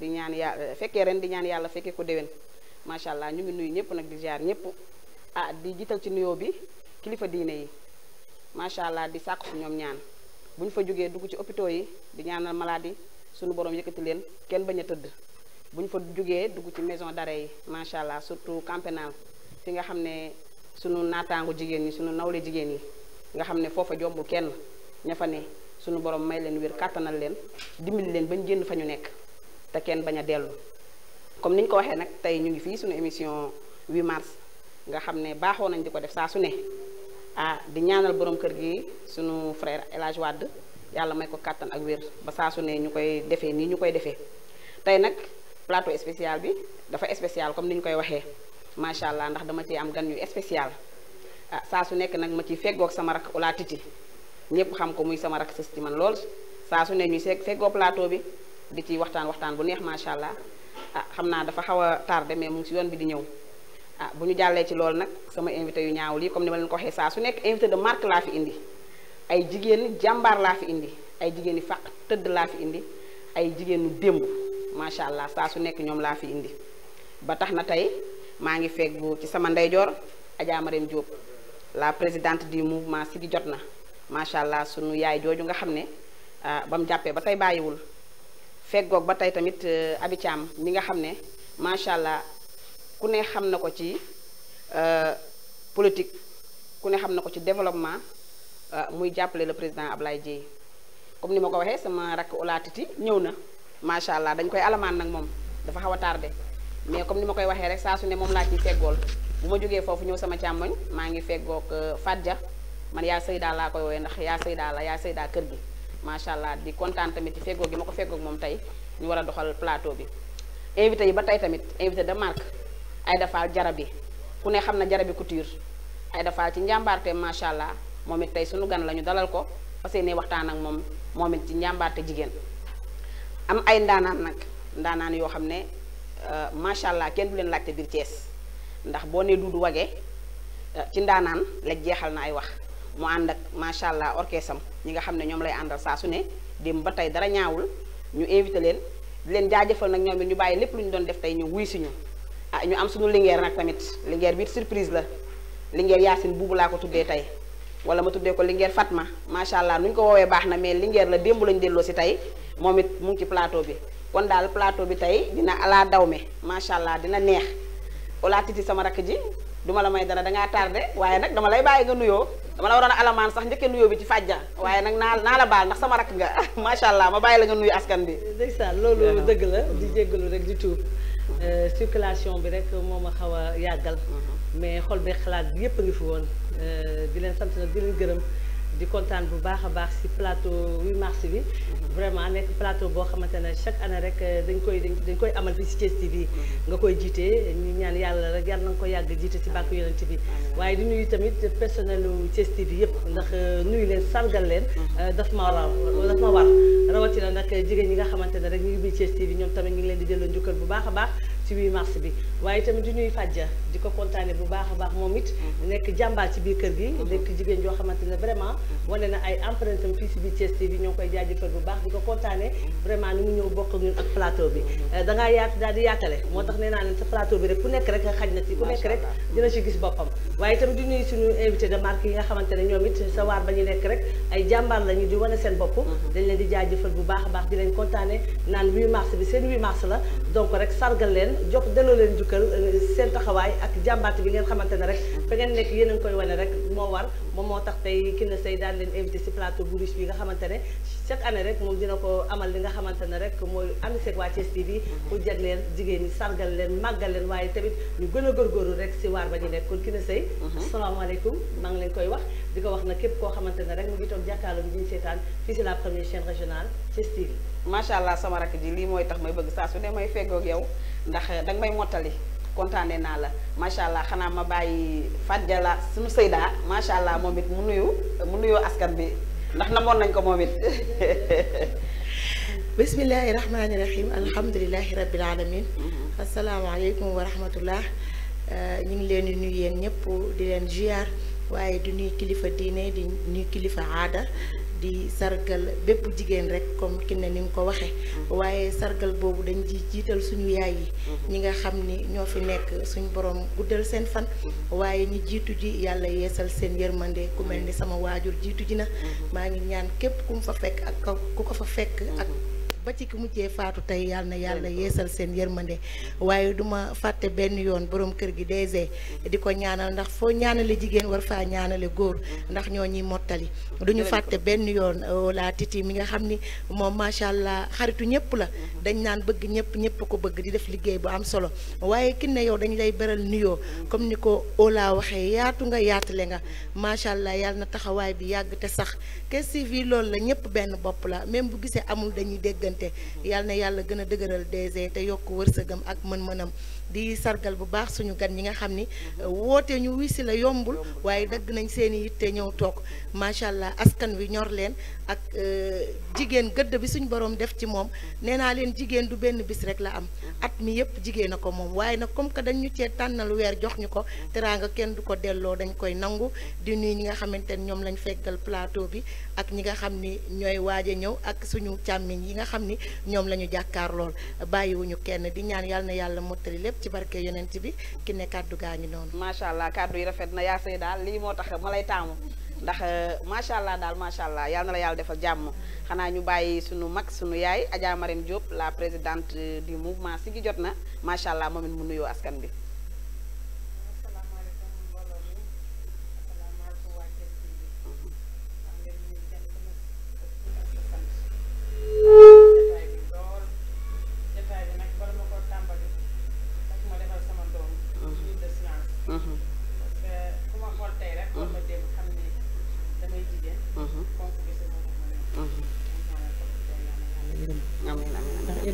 di ñaan yàlla fekkee ren di ñaan yàlla fekkee ko déwén macha allah ñu ngi nuyu ñëpp nag di jaar ñëpp ah di jiital ci nuyo bi kilifa diine yi macha allah di sàkku su ñoom ñaan bu ñu fa jógee dugg ci hôpitaux yi di ñaanal maladie suñu borom yëkkati leen kenn bañ a tëdd bu ñu fa jógee dugg ci maison d'arrêt yi macha allah surtout camp pénal fi nga xam ne sunu naataangu jigéen ñi sunu nawle jigéen yi nga xam ne foofa jombul kenn ña fa ne sunu borom may leen wér kàttanal leen dimbali leen ba bañ génn fa ñu nekk te kenn bañ a dellu comme ni ñu ko waxee nag tey ñu ngi fii suñu émission 8 mars nga xam ne baaxoo nañ di ko def saa su ne ah di ñaanal borom kër gi suñu frère El Hadj yàlla may ko kàttan ak wér ba saa su ne ñu koy defee nii ñu koy defee tey nag plateau spécial bi dafa spécial comme ni koy waxee macha allah ndax dama ci am gan yu spécial ah saa su nekk nag ma ciy feggoog sama rak Ola Titi ñëpp xam ko muy sama rak sës ci man lool saa su ne ñuy seeg feggoo plateau bi di ci waxtaan waxtaan bu neex machallah ah xamna dafa xawa tardé mais mu ngi ci yoon bi di ñew ah buñu jallé ci lool nak sama invité yu ñaawul yi comme ni ma leen ko waxé sa su nek invité de marque la fi indi ay jigéen jambar Lafi fi indi ay jigéen yi faq teud la fi indi ay jigéen démb demb allah sa su nek ñom la fi indi ba taxna na ma ngi feeg bu ci sama ndeyjoor Adja Diop la présidente du mouvement Siggi jotna na allah sunu yaay joju nga xamné ah bam jappé ba tay bayiwul feggoog ba tey tamit euh, Abi Thiam mi nga xam ne macha allah ku ne xam na ko ci euh, politique ku ne xam na ko ci développement euh, muy jàppale le président lay Dièye comme ni ma ko waxee sama rakk olaatiti ñëw na macha allah dañ koy alamaan nag moom dafa xaw a tardé mais comme ni ma koy waxee rek saa su ne moom laa ciy feggool bu ma jógee foofu ñëw sama càmmoñ maa ngi feggoog Fadja man yaa sëy daal laa koy woowee ndax yaa sëy la yaa sëy kër gi. macha allah di kontaan tamit ci feggoo gi ma ko fegoo moom tay ñu war a doxal plateau bi invité yi ba tey tamit invité de ay Aïda Fall jarabi ku ne xam na jarabi couture Aïda Fall ci njàmbaarte macha allah moom it tey suñu gan la ñu dalal ko fas yéene waxtaan ak moom moom it ci njàmbaarte jigéen am ay ndaanaan nag ndaanaan yoo xam ne euh, macha allah kenn du leen laajte biir Thiès ndax boo nee Doudou Wagué euh, ci ndaanaan la jeexal na ay wax mu ànd ak macha allah orchestre am ñi nga xam ne ñoom lay àndal saa su ne démb ba tey dara ñaawul ñu invité leen di leen jaajëfal nag ñoom ñu bàyyi lépp lu ñu doon def tey ñu wuy si ñu. ah ñu am suñu lingeer nag tamit lingeer bi surprise la lingeer Yacine buubu laa ko tuddee tey wala ma tuddee ko lingeer Fatma macha allah nu ñu ko woowee baax na mais lingeer la démb lañ delloo si tey moom it mu ci plateau bi kon daal plateau bi tey dina ala dawme macha allah dina neex. olaa titi sama rakk ji duma la may dara dangaa tardé waaye nag dama lay bàyyi nga nuyoo. dama la waroon a alamaan sax njëkkee nuyoo bi ci fàjja waaye nag naa naa la baal ndax sama rakk nga macha allah ma bàyyi la nga nuyu askan bi. ndeysaan loolu dëgg la di jéggalu rek di tuub euh, circulation bi rek moo ma xaw a yàggal mm-hmm. mais xol bi xalaat bi yépp a ngi fi woon euh, di leen sant nag di leen gërëm di kontaan bu baax a baax si plateau 8 mars bi vraiment nekk plateau boo xamante ne chaque année rek euh, dañ koy dañ koy amal fii si Thiès TV nga koy jiitee ñu ñaan yàlla rek yàlla na nga ko yàgg jiite si bàkku yonent bi waaye di nuyu tamit personnel u Thiès TV yëpp ndax euh, nuyu leen sargal leen euh, daf ma war daf ma war rawatina nag jigéen ñi nga xamante ne rek ñu ngi biir Thiès TV ñoom tamit ñu ngi leen di delloo njukkal bu baax a baax ci 8 mars bi waye tamit di ñuy fàjja di ko kontaane bu baax baax momit nek mm-hmm. nekk ci biir kër gi mm-hmm. nek jigéen jo xamantene vraiment mm-hmm. wane na ay empreinte am ci si biir Thiès TV ñoo ngi koy jaajëfal bu baax diko ko vraiment ni mu ñëw bokk ñun ak plateau bi eh, da nga yaat dal di yaatalé motax néna nee naa plateau bi rek ku nek rek xajna ci ku nek rek dina ci gis bopam waye tamit di ñuy suñu invité de marque yi nga xamantene ñomit sa war bañu nek rek ay jàmbaar lañu di wane seen bop dañ len di jaajëfal bu baax baax di len kontaane naan 8 mars bi seen 8 mars la donc rek sargal len jox delloo leen jukkal euh, seen taxawaay ak jàmbaat bi ngeen xamante ne rek fa ngeen nekk yéen a ngi koy wane rek moo war moom moo tax tey Kiné Sèye daan leen invité si plateau bu riche bi nga xamante ne chaque année rek moom dina ko amal li nga xamante ne rek mooy ànd seeg waa Thiès TV pour jagleel jigéen ñi sargal leen màggal leen waaye tamit ñu gën a góorgóorlu rek si waar ba ñu nekk kon ki ne sëy maa ngi leen koy wax di ko wax na képp koo xamante ne rek mu ngi toog jàkkaarloo bi ñu fii si la première chaîne macha allah sama rakk ji lii mooy tax may bëgg saa su ne may feggoog yow ndax danga may mottali kontaane naa la macha allah xanaa ma bàyyi Fadjala suñu sëydaa macha allah moom it mu nuyu mu nuyoo askan bi ndax namoon nañ ko moom it bismillahi rahmaani rahim alhamdulilahi rabbil alamin asalaamaaleykum wa rahmatullah ñu ngi leen di nuyu yéen ñëpp di leen ziar waaye di nuyu kilifa diine di nuyu kilifa aada di sargal bépp jigéen rek comme ki ne ni nga ko waxee mm-hmm. waaye sargal boobu dañ ci jiital suñu yaay yi mm-hmm. ñi nga xam ni ñoo fi nekk suñu borom guddal seen fan mm-hmm. waaye ñi jiitu ji yàlla yeesal seen yërmande ku mel ni sama waajur jiitu ji na maa ngi ñaan képp ku mu fa fekk ak ku ko fa fekk ak ba ci ki mujjee faatu tey yàlla na yàlla yeesal seen yërmande waaye duma fàtte benn yoon borom kër gi DG di ko ñaanal ndax foo ñaanale jigéen war faa ñaanale góor ndax ñoo ñuy mottali du ñu fàtte benn yoon wala euh, titi mi nga xam ni moom macha allah xaritu ñëpp la mhm. dañ naan bëgg ñëpp ñëpp ko bëgg di def liggéey bu am solo waaye kin ne yow dañu lay beral nuyoo comme ni ko Ola waxee yaatu nga yaatale nga macha allah yàlla na taxawaay bi yàgg te sax Kees TV loolu la ñëpp benn bopp la même bu gisee amul dañuy déggante mhm. yàlla na yàlla gën a dëgëral DG e te yokk wërsëgam ak mën-mënam di sargal bu baax suñu gan ñi nga ñu wisi la yombul waaye dagg nañ seen i yitte ñëw askan wi ñor leen ak euh, jigéen gëdd bi suñu borom def ci moom nee naa leen jigéen du benn bis rek la am at mi yëpp jigéen a ko moom waaye nag comme que dañ ñu jox ko kenn du ko dañ koy nangu di nuyu ñi nga xamante ne lañ plateau bi ak ñi nga xam ni waaje ak suñu càmmiñ yi nga xam ni ñoom la ñu jàkkaar lool bàyyiwuñu kenn di ñaan yàlla na yàlla mottali ci barke yonent bi ki ne kàddu gaa ngi noonu macha allah kàddu yi rafet na yaa sëy daal lii moo tax ma lay taamu ndax euh, macha allah daal macha allah yal na la yàlla defal jàmm xanaa ñu bàyyi suñu mag suñu yaay Adja Marème la président euh, du mouvement Siggi jot na macha allah moom it mu nuyoo askan bi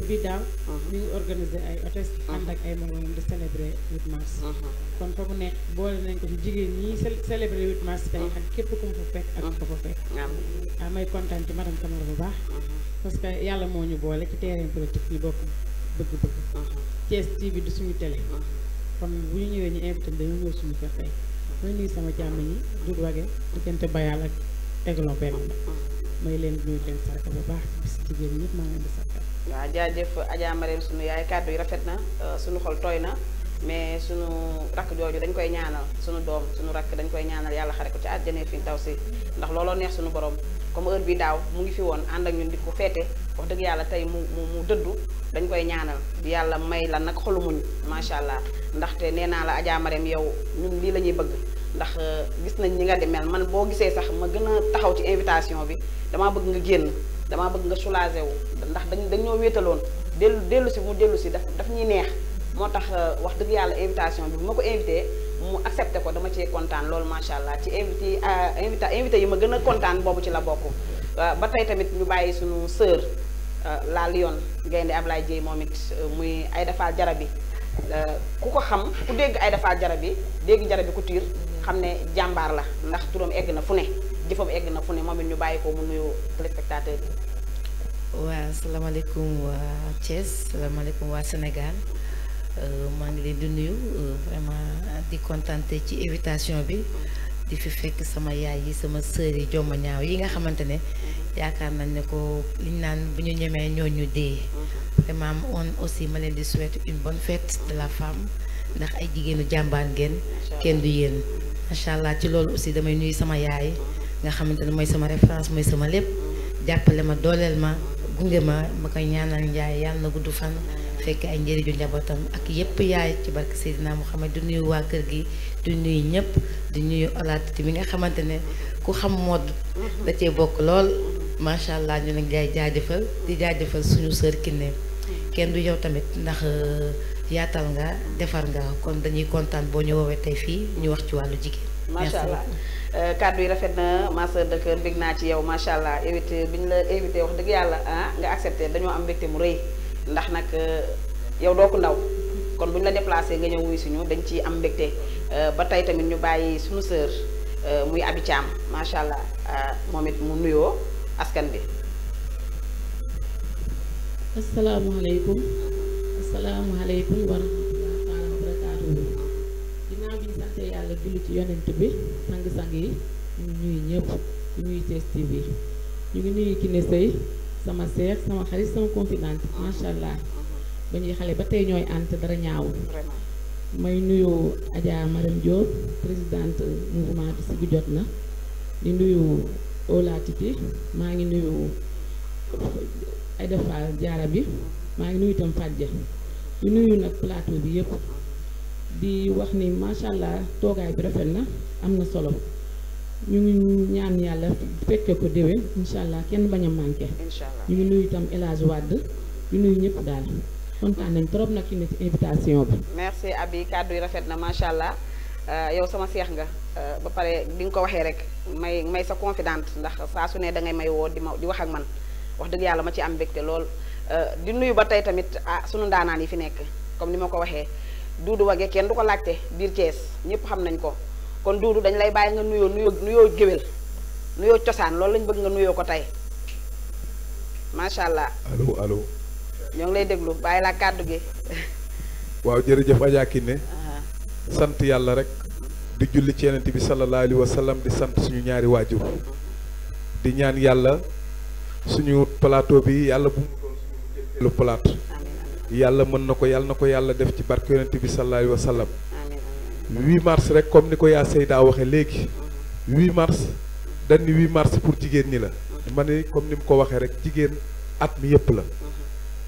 bi daaw uh-huh. ñu ngi organiser ay hôtesse ànd ak uh-huh. ay moroom di célébrer 8 mars uh-huh. kon fa mu boole nañ ko ci jigéen ñi célébrer 8 mars kay ak képp ku mu fa fekk ak ko fa fekk ah may kontaan ci madame Camara bu baax parce que yàlla moo ñu boole ci terrain politique yi bokk bëgg-bëgg Thiès TV du suñu télé kon bu ñu ñëwee ñu invité dañu ñëw suñu kër tey may nuyu sama jàmm ñi dud wage diggante bayaal ak tegloo may leen nuyu leen sarka bu baax bis jigéen ñëpp waaw jaajëf Adja Marème sunu yaay kàddu yi rafet na euh, sunu xol tooy na mais sunu rakk jooju dañ koy ñaanal sunu doom sunu rakk dañ koy ñaanal yàlla xare ko ci àjjana fii taw si ndax looloo neex sunu borom comme heure bii daaw mu ngi fi woon ànd ak ñun di ko feete wax dëgg yàlla tey mu mu mu dëddu dañ koy ñaanal yàlla may la nag xolu muñ macha allah ndaxte nee naa la Adja Marème yow ñun lii la ñuy bëgg ndax euh, gis nañ ñi nga di mel man boo gisee sax ma gën a taxaw ci invitation bi damaa bëgg nga génn damaa bëgg nga soulager wu ndax dañ dañoo wéetaloon dellu dellu si mu dellu si daf daf ñuy neex moo tax euh, wax dëgg yàlla invitation bi bu ma ko invité mu accepté ko dama cee kontaan loolu macha allah ci invité euh, invité invité yi ma gën a kontaan boobu ci la bokk euh, ba tey tamit ñu bàyyi suñu sœur la Lyon gaynde Ablaye Dieye moom it muy Aïda Fall Jarabi ku ko xam ku dégg Aïda Fall Jarabi dégg Jarabi Couture xam ne jàmbaar la ndax turam egg na fu ne jëfam egg na fu ne moom ñu bàyyi ko mu nuyu téléspectateur yi. waaw salaamaaleykum waa Thiès salaamaaleykum waa Sénégal euh, maa ngi leen di nuyu euh, vraiment di kontante ci invitation bi di fi fekk sama yaay yi sama sœur yi jomma ñaaw yi nga xamante ne yaakaar nañ ne ko liñ naan bu ñu ñemee ñoo ñu te maam on aussi ma leen di souhaiter une bonne fête de la femme ndax ay jigéenu jàmbaar ngeen kenn du yéen macha allah ci loolu aussi damay nuyu sama yaay. nga xamante ne mooy sama référence mooy sama lépp jàppale ma dooleel ma gunge ma ma koy ñaanal njaay yàlla na gudd fan fekk ay njëriñu njabootam ak yépp yaay ci barke Seydina Mouhamed du nuyu waa kër gi du nuyu ñëpp du nuyu olaatati mi nga xamante ne ku xam modd da cee bokk lool macha allah ñu nag jaay jaajëfal di jaajëfal suñu sœur Kiné kenn du yow tamit ndax euh, yaatal nga defar nga kon dañuy kontaan boo ñu woowee tey fii ñu wax ci wàllu jigéen Euh, kàddu yi rafet na ma de cœur bég naa ci yow macha allah invité bi ñu la invité wax dëgg yàlla ah nga accepté dañoo am mbégte mu rëy ndax nag euh, yow doo ko ndaw kon bu ñu la déplacé nga ñëw wuy suñu dañ ciy am mbégte euh, ba tey tamit ñu bàyyi suñu sœur muy Abi Thiam macha allah ah, moom it mu nuyoo askan bi. asalaamualeykum asalaamualeykum wa julli ci yonent bi sang-sang yi ñu ñuy ñëpp ñu ñuy Thiès TV ñu ngi nuyu Kiné Seye sama seex sama xarit sama confidente macha allah ba ñuy xale ba tey ñooy ànd dara ñaawul may nuyu Adja Maram Diop présidente mouvement bi si jot na di nuyu Ola maa ngi nuyu Aïda Fall Diarra bi maa ngi nuyu itam Fadja di nuyu nag plateau bi yëpp di wax ni macha allah toogaay bi rafet na am na solo ñu ngi ñaan yàlla fekke ko déwén incha allah kenn bañ a manqué. incha allah ñu ngi nuyu itam El Hadj Wade di nuyu ñëpp daal kontaan nañ trop nag ci invitation bi. merci Abi kàddu yi rafet na macha allah euh, yow sama seex nga euh, ba pare bi nga ko waxee rek may may sa confidente ndax saa su ne da ngay may woo di ma di wax ak man wax dëgg yàlla ma ci am mbégte lool euh, di nuyu ba tey tamit ah sunu ndaanaan yi fi nekk comme ni ma ko waxee. duudu wage kenn du ko laajte biir Thiès ñëpp xam nañ ko kon duudu dañ lay bàyyi nga nuyoo nuyoo géwél nuyoo cosaan loolu lañ bëgg nga nuyoo ko tey macha allah. allo allo. ñoo ngi lay déglu bàyyi laa kàddu gi. waaw jërëjëf Adja Kiné sant yàlla rek. di julli ci Yonent bi sallallahu alayhi wa sallam di sant suñu ñaari waajur. di ñaan yàlla suñu plateau bi yàlla bu mu doon yàlla mën na ko yàlla na ko yàlla def ci barke yonent bi sallallahu alayhi wa mars rek comme ni ko yaa Seyda waxe léegi 8 mars dañ ni 8 mars pour jigéen ñi la ma ne comme ni mu ko waxee rek jigéen at mi yëpp la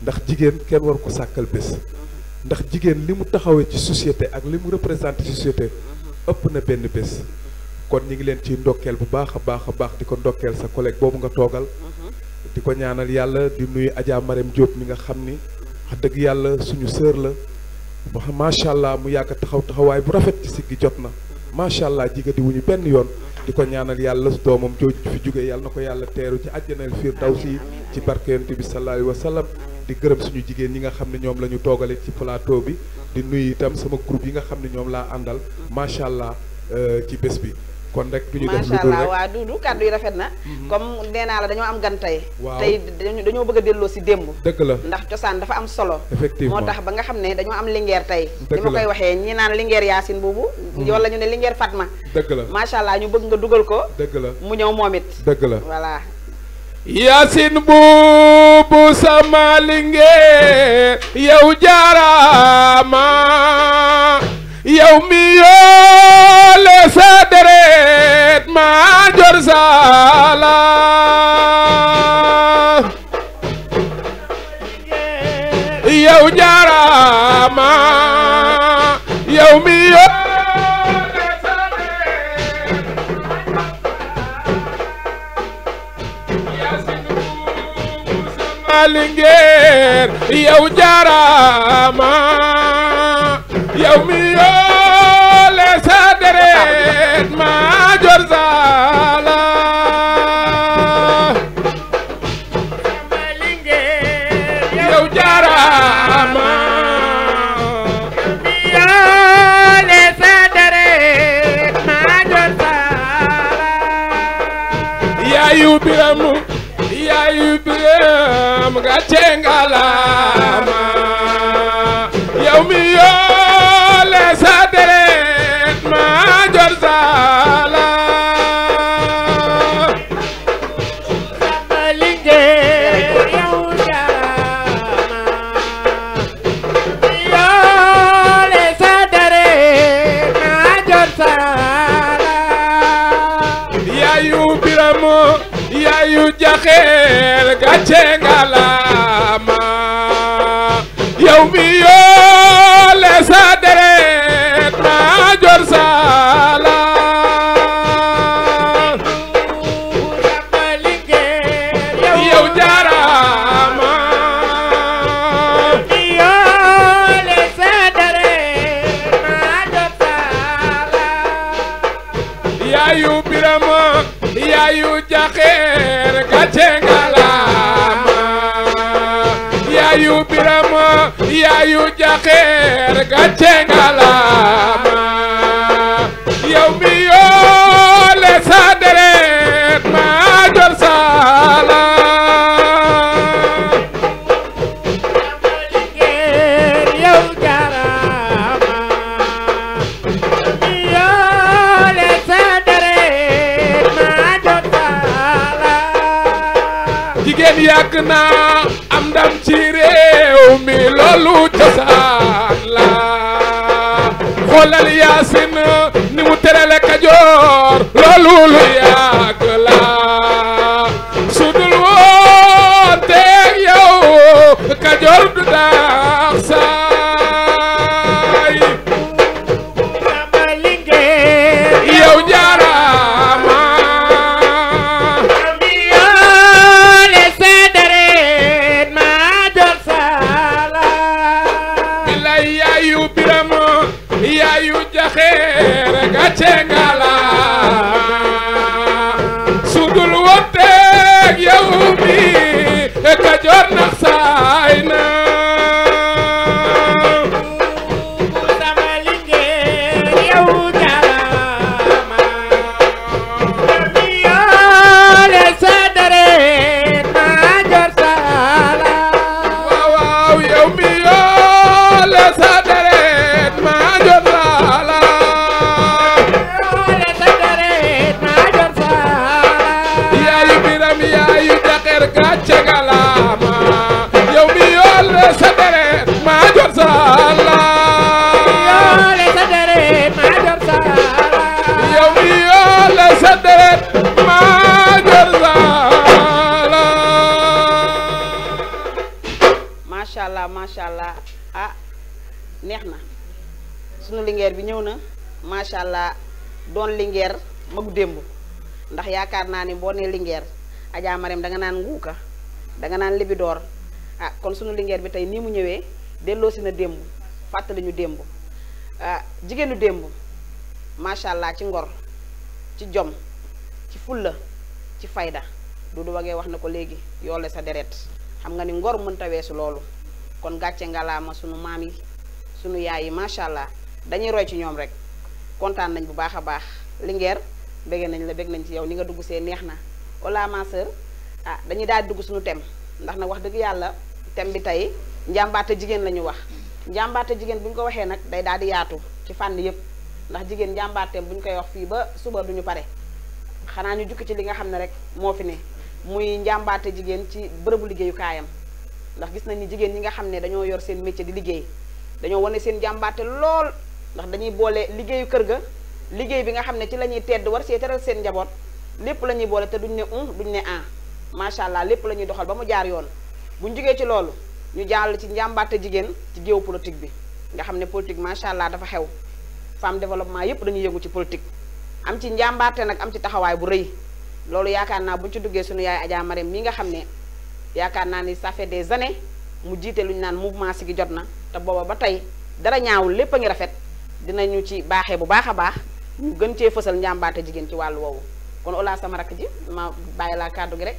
ndax jigéen kenn war ko sàkkal bés ndax jigéen li mu taxawee ci société ak li mu représenté société ëpp na benn bés kon ñi ngi leen ciy ndokkeel bu baax a baax a baax di ko ndokkeel sa collègue boobu nga toogal di ko ñaanal yàlla di nuy Adja Marème Diop nga xam ni wax dëgg yàlla suñu sœur la wax macha allah mu yàgg taxaw taxawaay bu rafet ci siggi jot na macha allah jiga di ñu benn yoon di ko ñaanal yàlla doomam jooju fi jóge yàlla na ko yàlla teeru ci àjjanal firdawsi ci barke yonent bi sallallahu alayhi wa sallam di gërëm suñu jigéen ñi nga xam ne ñoom la ñu toogale ci plateau bi di nuyu itam sama groupe yi nga xam ne ñoom laa àndal macha allah euh, ci bés bi kon rek du ñu def macha allah waa du du kàddu yi rafet na mhm. comme nee naa la dañoo am gan tey waaw tey dañoo bëgg a delloo si démb dëgg la ndax cosaan dafa am solo effectivement moo tax ba nga xam ne dañoo am lingeer tey ni ma koy waxee ñi naan lingeer yaasin boobu mhm. wala ñu ne lingeer Fatma dëgg la macha allah ñu bëgg nga dugal ko dëgg la mu ñëw moom it dëgg la voilà yaasin buubu sama lingeer yow jaaraama yow mi yoole sa deret maa jor sala yow jaarama yow biram yaayu biram gàcce ngala jaxeel gàcce nga la xeer gàcce ngalaama yow mi yoole sa deret maa jor saala jigéen yàgg naa am ndam ci réew mi loolu cosaan la xoolal yaasin ni mu terale Kajoor loolu lu yàgg la linger lingeer magu démb ndax yaakar na ni bo ne lingeer Adja Marème da nga nan nguka da nga nan libidor ah kon sunu linger bi tay ni mu ñewé delloo na dembu fàttali ñu dembu ah jigéenu démb macha allah ci ngor ci jom ci fulla ci fayda du Wagué wax na ko léegi yoole sa deret xam nga ni ngor ta lolu kon gàcce ngalaama sunu mami sunu yaayi yi macha allah dañuy roy ci ñom rek kontaan nañ bu baaxa baax linger bege nañ la beg nañ ci yow ni nga dugg see neexna na ma sœur ah dañuy daal dugg suñu thème ndax na wax deug yalla thème bi tay njambaata jigen lañu wax njambaata jigen buñ ko waxee nak day daal di yaatu ci fànn yépp ndax jigen njambaatem buñ koy wax fi ba suba duñu pare xana ñu jukki ci li nga xam rek mo fi ne muy njambaata jigen ci liggéeyu kayam ndax gis nañ ni jigen yi nga xam dañoo yor seen métier di liggéey dañoo woné seen njambaata lool ndax dañuy bolé liggéeyu kër ga liggéey bi nga xam ne ci la ñuy tedd war see teral seen njaboot lépp la boole te duñ ne un duñ ne an macha allah lépp la ñuy doxal ba mu jaar yoon buñ jógee ci loolu ñu jàll ci njàmbaate jigéen ci géew politique bi nga xam ne politique macha allah dafa xew femme développement yépp dañuy yëngu ci politique am ci njàmbaate nag am ci taxawaay bu rëy loolu yaakaar naa bu buñ ci duggee suñu yaay Adja Marème mi nga xam ne yaakaar naa ni ça fait des années mu jiite lu ñu naan mouvement si gi jot na te booba ba tey dara ñaawul lépp a ngi rafet dinañu ci baaxee bu baax a baax ñu gën cee fësal njàmbaate jigéen ci wàllu woowu kon laa sama rakk ji ma bàyyi laa kàddu gi rek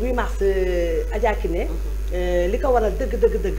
8 mars euh, Adja Kiné mhm. Euh, li ko waral deug dëgg dëgg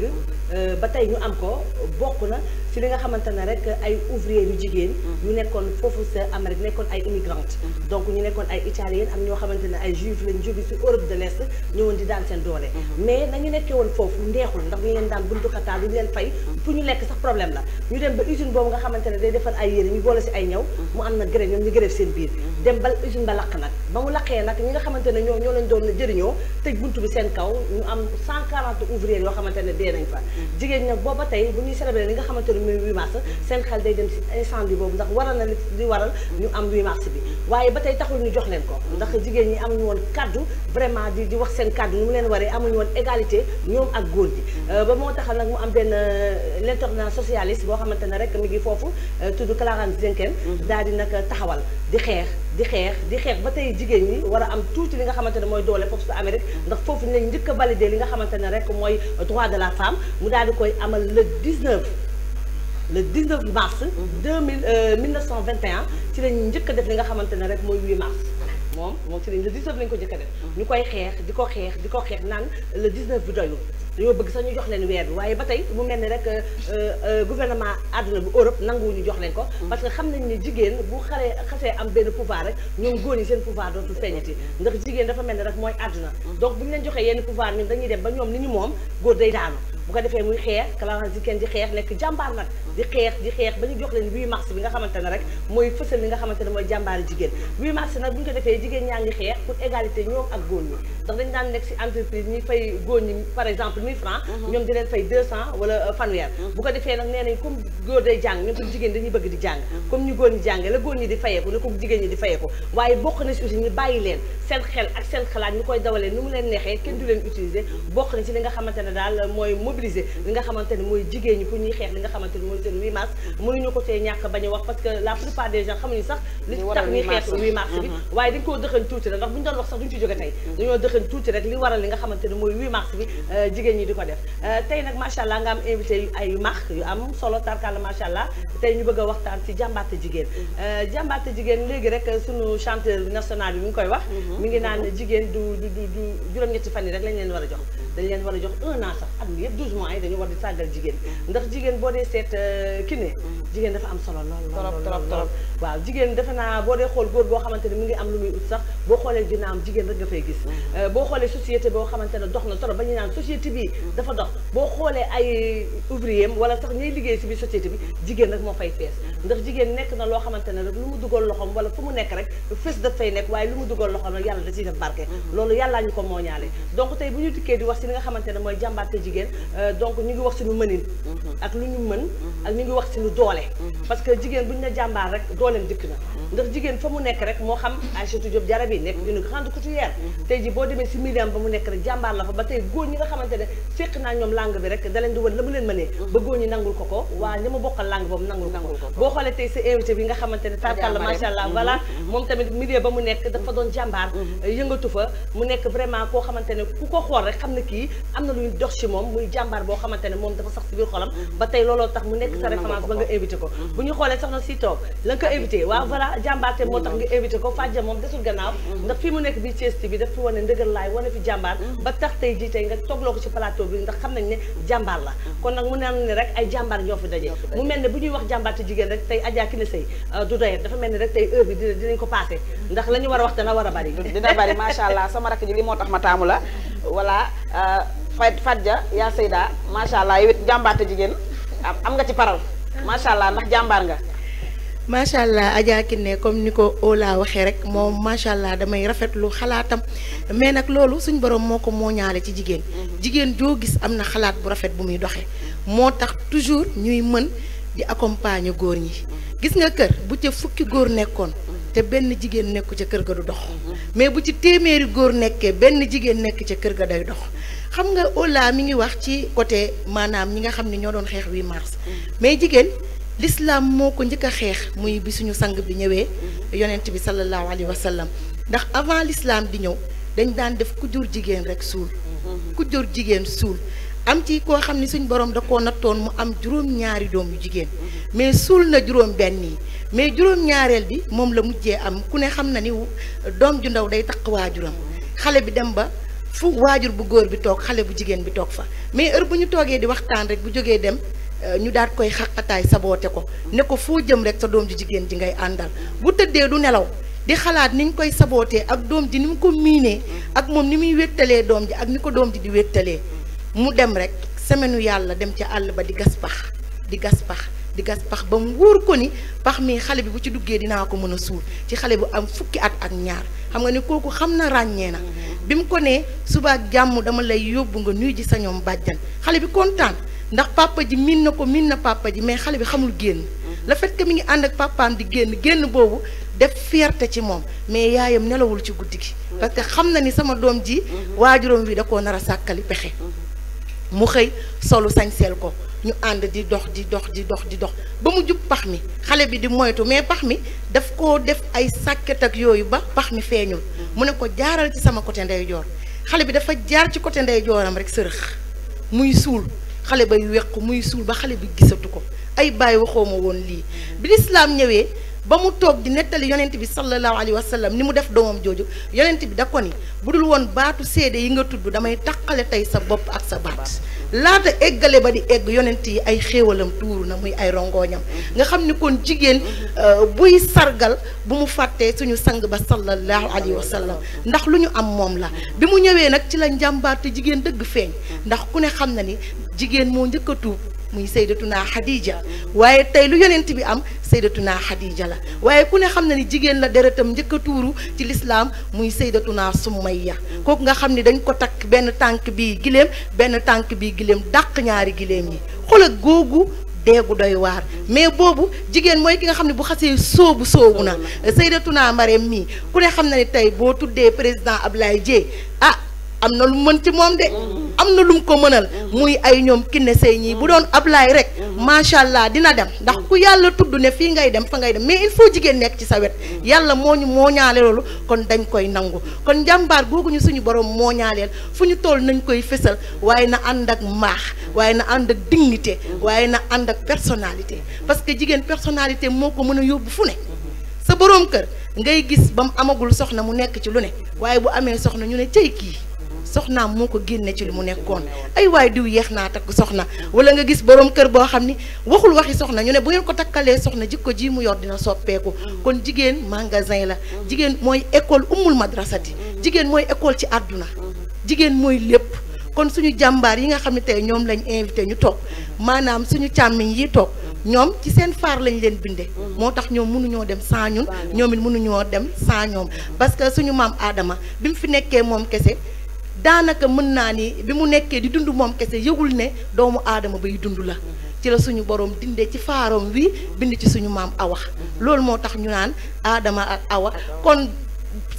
euh, ba tey ñu am ko bokku na ci li nga xamantene rek ay ouvriers yu jigen mm-hmm. ñu nekkoon fofu sa Amérique nekkoon ay immigrante mm-hmm. donc ñu nekkoon ay italien am ño xamantene ay juifs lañu jóge ci Europe de l'Est ñëwoon di daan sen doole mm-hmm. mais nañu nekkee woon foofu ndeexul ndax ñu leen daan bunduxataal lu ñu leen fay pour ñu lekk sax problème la ñu dem ba usine bobu nga xamantene day defal ay yene ñu boole ci ay ñaw mu am na grève ñoom ñu grève sen biir dem ba usine ba laq nak ba mu lakkee nak ñi nga xamantene ño ño lañ doon jëriño tëj buntu bi sen kaw ñu am cent quarante ouvriers yoo xamante ne dee nañ fa jigéen nag booba tey bu ñuy célébrer li nga xamante ne mooy 8 mars seen xel day dem si incendie boobu ndax waral na li waral ñu am 8 mars bi waaye ba tey taxul ñu jox leen ko ndax jigéen ñi amuñu woon kaddu vraiment di di wax seen kaddu nu mu leen waree amuñu woon égalité ñoom ak góor ji ba moo taxal nag mu am benn l'internat socialiste boo xamante ne rek mi ngi foofu tudd Clarence Jenkins daal di nag taxawal di xeex di xeex di xeex ba tey ni, ñi am tuuti li nga xamante ne mooy doole foofu sa Amérique ndax foofu lañ njëkk a validé li nga xamante ne rek mooy droit de la femme mu daal di koy amal le 19 le 19 mars 2000 1921 euh, ci lañ njëkk a def li nga xamante rek mooy 8 mars moom moom ci le 19 lañ ko njëkk a def mm-hmm. ñu koy xeex di ko xeex di naan le 19 bi doyul dañoo bëgg sax ñu jox leen weer bi waaye ba tey mu mel ni rek euh, euh, gouvernement àdduna bu Europe ñu jox leen ko mm. parce que xam nañ ne jigéen bu xalee xasee am benn pouvoir rek ñoom góor ñi seen pouvoir dootul feeñati ndax jigéen dafa mel ni rek mooy àdduna mm. donc bu ñu leen joxee yenn pouvoir ñun dañuy dem ba ñoom ni ñu moom góor day daanu bu ko defee nag di xeex di xeex ba ñu ñu ko jigéen dañuy bëgg di jàng mhm. comme ñu góor ñi jàngee la góor ñi di fayeeku ne ko jigéen ñi di fayeeku waaye bokk na si ñu bàyyi leen seen xel ak seen xalaat ñu koy dawalee nu mu leen neexee kenn du leen utiliser bokk na si li nga xamante daal mooy mobiliser li nga xamante ne mooy jigéen ñi pour ñuy xeex li nga xamante ne mooy seen 8 mars mënuñu ko cee ñàkk bañ a wax parce que la plupart des gens xamuñu sax li tax ñuy mm-hmm. rek ndax bu ñu mm-hmm. mooy 8 mars bi euh, jigéen ñi di ko def euh, tey nag macha allah nga am invité yu ay yu am solo tarkal macha allah tey ñu bëgg a waxtaan ci jàmbaate jigéen mm-hmm. euh, jàmbaate jigéen léegi rek sunu chanteur national bi mi koy wax mi ngi naan jigéen du du du juróom-ñetti fan yi rek lañ leen war a jox dañ leen war a accouchement yi dañu war di sàggal jigéen ndax jigéen boo dee seet kiné jigéen dafa am solo lool trop trop trop waaw jigéen defe naa boo dee xool góor boo xamante ne mu ngi am lu muy ut sax boo xoolee ginnaawam jigéen rek nga fay gis boo xoolee société boo xamante ne dox na trop ba ñu naan société bi dafa dox boo xoolee ay ouvrier wala sax ñuy liggéey si biir société bi jigéen rek moo fay fees ndax jigéen nekk na loo xamante ne rek lu mu dugal loxoom wala fu mu nekk rek fees daf fay nekk waaye lu mu dugal loxoom rek yàlla da ciy def barke loolu yàllaa ñu ko mooñaale donc tey bu ñu dikkee di wax si li nga xamante ne mooy jàmbaarte jigéen Euh, donc ñu ngi wax suñu mënin mhm. ak lu ñu mën ak ñu ngi wax suñu doole mhm. parce que jigéen bu ñu la jàmbaar rek dooleem dikk na mhm. ndax jigéen fa mu nekk rek moo xam Aïssatou Diop jarab yi nekk une grande couturière tey ji boo demee si miliam ba mu nekk rek jàmbaar la fa ba tey góor ñi nga xamante ne séq naa ñoom langue bi rek da leen di wër la mu leen mënee mm-hmm. bëggoo ñu nangul ko ko waa ña ma bokkal langue boobu nangul ko boo xoolee tey sa invité bi nga xamante ne tarkalla macha allah mm-hmm. voilà mm-hmm. moom tamit milieu ba mu nekk dafa doon jàmbaar yëngatu fa mu nekk vraiment koo xamante ne ku ko xool rek xam ne kii am na luy dox ci moom muy jàmbaar boo xamante ne moom dafa sax ci biir xolam ba tey looloo tax mu nekk sa référence ba nga invité ko bu ñu xoolee soxna si toog la nga ko invité waaw voilà jàmbaarte moo tax nga invité ko Fadja moom desul gannaaw ndax fii mu nekk bi Thiès bi daf fi wane ndëgër laay wane fi jàmbaar ba tax tey jii tey nga toogloo ko ci plateau ndax xam nañ ne jàmbaar la kon nag mu naan ne rek ay jàmbaar ñoo fi daje mu mel ne bu ñuy wax jàmbaar ci jigéen rek tey Adja Kine Seye euh, du doy dafa mel ni rek tey heure bi dina dinañ ko passé ndax lañu war a wax na war a bari dina bari macha allah sama rakk ji li moo tax ma taamu la voilà euh, Fat Fadja yaa Seyda macha allah yow it jàmbaarte jigéen am nga ci paral macha allah ndax jàmbaar nga macha allah Adja ne comme ni ko Ola waxee rek moom macha allah damay rafetlu xalaatam mais nag loolu suñ borom moo ko moo ñaale ci jigéen. jigéen joo gis am na xalaat bu rafet bu muy doxee. moo tax toujours ñuy mën di accompagner góor ñi. gis nga kër bu ca fukki góor nekkoon. te benn jigéen nekku ca kër ga du dox. mais bu ci téeméeri góor nekkee benn jigéen nekk ca kër ga day dox. xam nga Ola mi ngi wax ci côté maanaam ñi nga xam ni ñoo doon xeex 8 mars. mais jigéen. lislaam moo ko njëkk a xeex muy bi suñu sang bi ñëwee yonent bi sallallahu alayhi wa sallam ndax avant lislaam di ñëw dañ daan def ku jur jigéen rek suul ku jur jigéen suul am ci koo xam ni suñ borom da koo nattoon mu am juróom-ñaari doom yu jigéen mais suul na juróom benn yi mais juróom-ñaareel bi moom la mujjee am ku ne xam na ni doom ju ndaw day taq waajuram xale bi dem ba fu waajur bu góor bi toog xale bu jigéen bi toog fa mais heure bu ñu toogee di waxtaan rek bu jógee dem Euh, ñu daal koy xaqataay saboote ko ne ko foo jëm rek sa doom ji jigéen ji ngay àndal bu tëddee du nelaw di xalaat ni ñu koy sabootee ak doom ji ni mu ko miinee ak moom ni muy wéttalee doom ji ak ni ko doom ji di wéttalee mu dem rek semaine yàlla dem ci àll ba di gas pax di gas pax di gas pax ba mu wóor ko ni pax mi xale bi bu ci duggee dinaa ko mën a suul ci xale bu am fukki at ak ñaar xam nga ne kooku xam na ràññee na bi mu ko nee suba ak jàmm dama lay yóbbu nga nuy ji sa ñoom bàjjan xale bi kontaan ndax papa ji miin na ko miin na papa ji mais xale bi xamul génn. la fekk mi ngi ànd ak papaam di génn génn boobu def fierté ci moom mais yaayam nelawul ci guddi gi. parce que xam na ni sama doom ji. waajuram wi da koo nar a sàkkali pexe. mu xëy solu sañseel ko ñu ànd di dox di dox di dox di dox ba mu jub pax mi xale bi di moytu mais pax mi daf koo def ay sàkket ak yooyu ba pax mi feeñul. mu ne ko jaaral ci sama côté ndeyjoor xale bi dafa jaar ci côté ndeyjooram rek sërëx muy suul. xale bay weq muy suul ba xale bi gisatu ko ay baay waxoo ma woon lii bi lislaam ñëwee ba mu toog di nettali yonent bi sallallahu alayhi wa sallam ni mu def doomam jooju yonent bi da ko ni bu dul woon baatu seede yi nga tudd damay taqale tey sa bopp ak sa baat laata eggale ba di egg yonent yi ay xéewalam tuuru na muy ay rongooñam nga xam ni kon jigéen euh, buy sargal bu mu fàttee suñu sang ba sallallahu alayhi wa sallam ndax lu ñu am moom la bi mu ñëwee nag ci la njàmbaarte jigéen dëgg feeñ ndax ku ne xam na ni jigéen moo njëkk a tuub muy saydatuna Xadija waaye tey lu yonent bi am naa Xadija la waaye ku ne xam na ni jigéen la deretam njëkk a tuuru ci lislaam muy saydatuna Sumayya kooku nga xam ne dañ ko takk benn tànk bi gileem benn tànk bi giléem dàq ñaari giléem yi xoolal googu deegu doy waar mais boobu jigéen mooy ki nga xam ne bu xasee soobu soobu na saydatuna Mareem mii ku ne xam na ni tey boo tuddee président Ablaye Dieye ah am na lu mën ci moom de am na lum ko mënal mm-hmm. muy ay ñoom kinne sey ñii bu doon Ablaye rek mm-hmm. macha allah dina dem ndax ku yàlla tudd ne fii ngay dem fa ngay dem mais il faut jigéen nekk ci sa wet mm-hmm. yàlla moo ñu moo ñaale kon dañ koy nangu kon njàmbaar googu ñu suñu borom moo ñaaleel fu ñu toll nañ koy fësal waaye na ànd ak maax waaye na ànd ak dignité waaye na ànd ak personnalité parce que jigéen personnalité moo ko mën a yóbbu fu ne sa boroom kër ngay gis ba mu amagul soxna mu nekk ci lu ne waaye bu amee soxna ñu ne cey kii soxnaam moo ko génne ci li mu nekkoon ay waay diw yeex naa takk soxna wala nga gis borom kër boo xam ni waxul waxi soxna ñu ne bu ngeen ko takkalee soxna jikko ji mu yor dina soppeeku kon jigéen magasin la jigéen mooy école ummul madrasati jigéen mooy école ci àdduna jigéen mooy lépp kon suñu jàmbaar yi nga xam ne tey ñoom lañ invité ñu toog maanaam suñu càmmiñ yi toog ñoom ci seen faar lañ leen bindee moo tax ñoom mënuñoo dem sans ñun ñoom it mënuñoo dem sans ñoom parce que suñu maam Adama bi mu fi nekkee moom kese daanaka mën naa ni bi mu nekkee di dund moom kese yëgul ne doomu aadama bay dund la ci la suñu borom dindee ci faaroom wi bind ci suñu maam awa loolu moo tax ñu naan aadama ak awa kon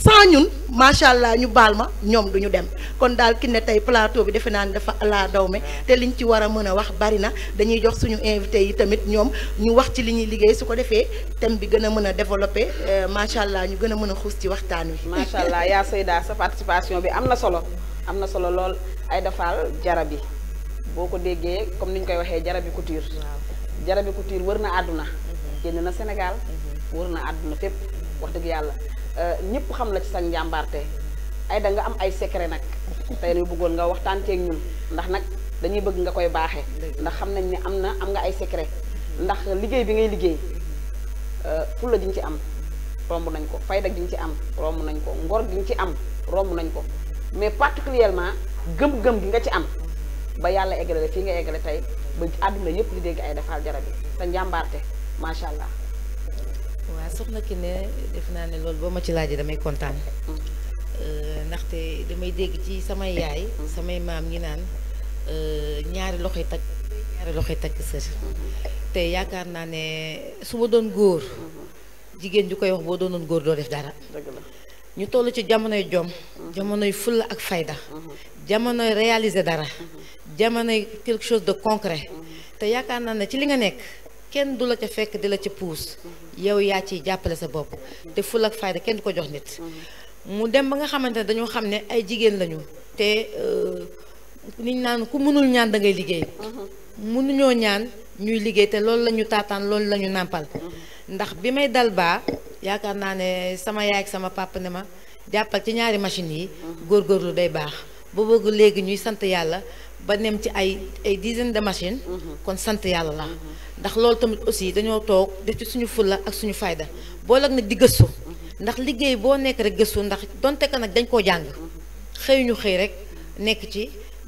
sans ñun macha allah ñu baal ma ñoom du dem kon daal ki ne tey plateau bi defe naa ne dafa ala daw me te liñ ci war a mën a wax bari na dañuy jox suñu invité yi tamit ñoom ñu wax ci li ñuy liggéey su ko defee thème bi gën a mën a développé euh, macha allah ñu gën a mën a xuus ci waxtaan wi. macha allah yaa Seyda sa participation bi am na solo. am na solo lool ay dafaal jarabi boo ko déggee comme ni ñu koy waxee jarabi couture jarabi couture wër na àdduna mhm. génn na Sénégal mhm. wër na àdduna fépp wax dëgg yàlla euh, ñëpp xam la ci sa njàmbaarte ay da nga am ay secret nag tey ñu bëggoon nga waxtaan ceeg ñun ndax nag dañuy bëgg nga koy baaxee ndax xam nañ ne am na am nga ay secret ndax liggéey bi ngay liggéey euh, fulla di ci am romb nañ ko fayda gi nga ci am romb nañ ko ngor gi ci am romb nañ ko mais particulièrement gëm-gëm gi nga ci am ba yàlla eggale fii nga eggale tey ba àdduna yëpp di dégg ay defaal jarab yi te njàmbaarte macha allah. waaw soxna Kiné def naa ne loolu boo ma ci laajee damay kontaan. Euh, ndaxte damay dégg ci samay yaay. samay maam ngi naan euh, ñaari loxoy takk ñaari loxoy takk sër. te yaakaar naa ne su ma doon góor. jigéen ju koy wax boo doonoon góor doo def dara. ñu toll ci jamonoy jom jamonoy fulla ak fayda jamonoy réaliser dara jamonoy quelque chose de concret te yaakaar naa ne ci li nga nekk kenn du la ca fekk di la ca puus yow yaa ciy jàppale sa bopp te fulla ak fayda kenn du ko jox nit mu dem ba nga xamante ne dañoo xam ne ay jigéen lañu te euh, niñ naan ku mënul ñaan da ngay liggéey mhm. mënuñoo ñaan ñuy liggéey te loolu la ñu taataan loolu la ñu nàmpal ndax bi may dal baa yaakaar naa ne sama yaay ak sama papa ne ma jàppal ci ñaari machine yi góorgóorlu day baax bu bëgg léegi ñuy sant yàlla ba nem ci ay ay dizaine de machine kon sant yàlla la ndax loolu tamit aussi dañoo toog def ci suñu fulla ak suñu fayda boo ak na di gëstu ndax liggéey boo nekk rek gëstu ndax donte ko nag dañ koo jàng xëyuñu xëy rek nekk ci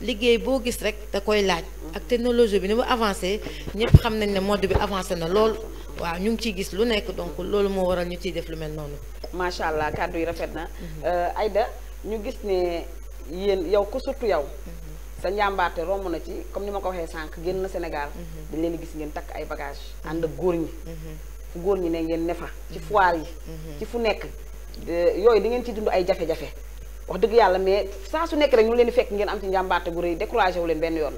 liggéey boo gis rek da koy laaj ak technologie bi ni mu avancé ñëpp xam nañ ne mode bi avancé na lool waaw ñu ngi ciy gis lu nekk donc loolu moo waral ñu ciy def lu mel noonu macha allah kàddu yi rafet na mhm. euh, Aïda ñu gis ne yéen yow ko surtout yow mhm. sa njàmbaarte romb na ci comme ni ma ko waxee sànq génn na Sénégal mhm. dañ leen gis ngeen takk ay bagage ànd ak góor ñi fu góor ñi ne ngeen nefa ci foire yi ci fu nekk yooyu di ngeen ci dund ay jafe-jafe wax dëgg yàlla mais saa su nekk rek ñu leen di fekk ngeen am ci njàmbaarte gu rëy découragé wu leen benn yoon.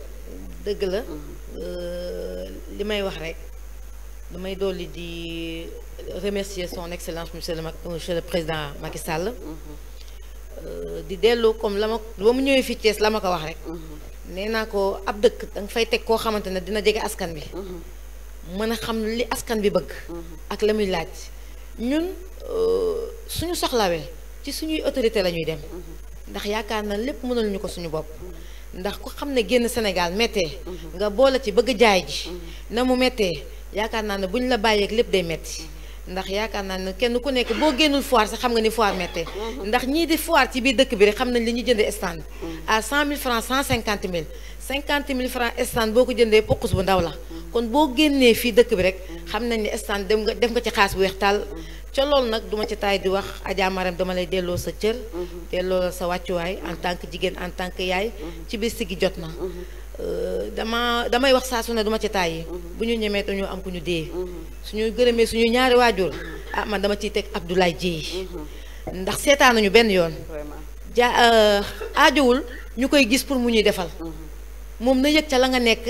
dëgg la mm-hmm. euh, li may wax rek damay dolli di remercier son excellence monsieur le monsieur le président Macky Sall. Mm-hmm. Euh, di dellu comme la ma ba mu ñëwee fii la ma ko wax rek. Mm-hmm. nee naa ko ab dëkk danga fay teg koo xamante ne dina jege askan bi. mën a xam li askan bi bëgg. ak la muy laaj ñun euh, suñu soxlawee. ci suñuy autorité la ñuy dem ndax yaakaar na lépp mënal ñu ko suñu bopp ndax ku xam ne génn Sénégal méttee nga boole ci bëgg jaay ji na mu mettee yaakaar naa ne bu ñu la bàyyeeg lépp day métti ndax yaakaar naa ne kenn ku nekk boo génnul foire sax xam nga ni foire méttee ndax ñii di foire ci biir dëkk bi rek xam nañ li ñu jënd stand à cent mille francs cent cinquante mille cinquante mille francs stand boo ko jëndee poqus bu ndaw la kon boo génnee fii dëkk bi rek xam nañ ni stand dem nga def nga ci xaas bu weex tàll ca lool nag duma ci taay di wax Adja Maram dama lay delloo sa cër delloo sa wàccuwaay en tant que jigéen en tant que yaay ci bis gi jot na euh, dama damay wax saa su ne duma ci taay bu ñu ñemee dañoo am ku ñu dee suñuy gërëmee suñu ñaari waajur ah man dama ciy teg Abdoulaye Dieye ndax seetaanuñu benn yoon ja euh, aajowul ñu koy gis pour mu ñuy defal moom na yëg ca la nga nekk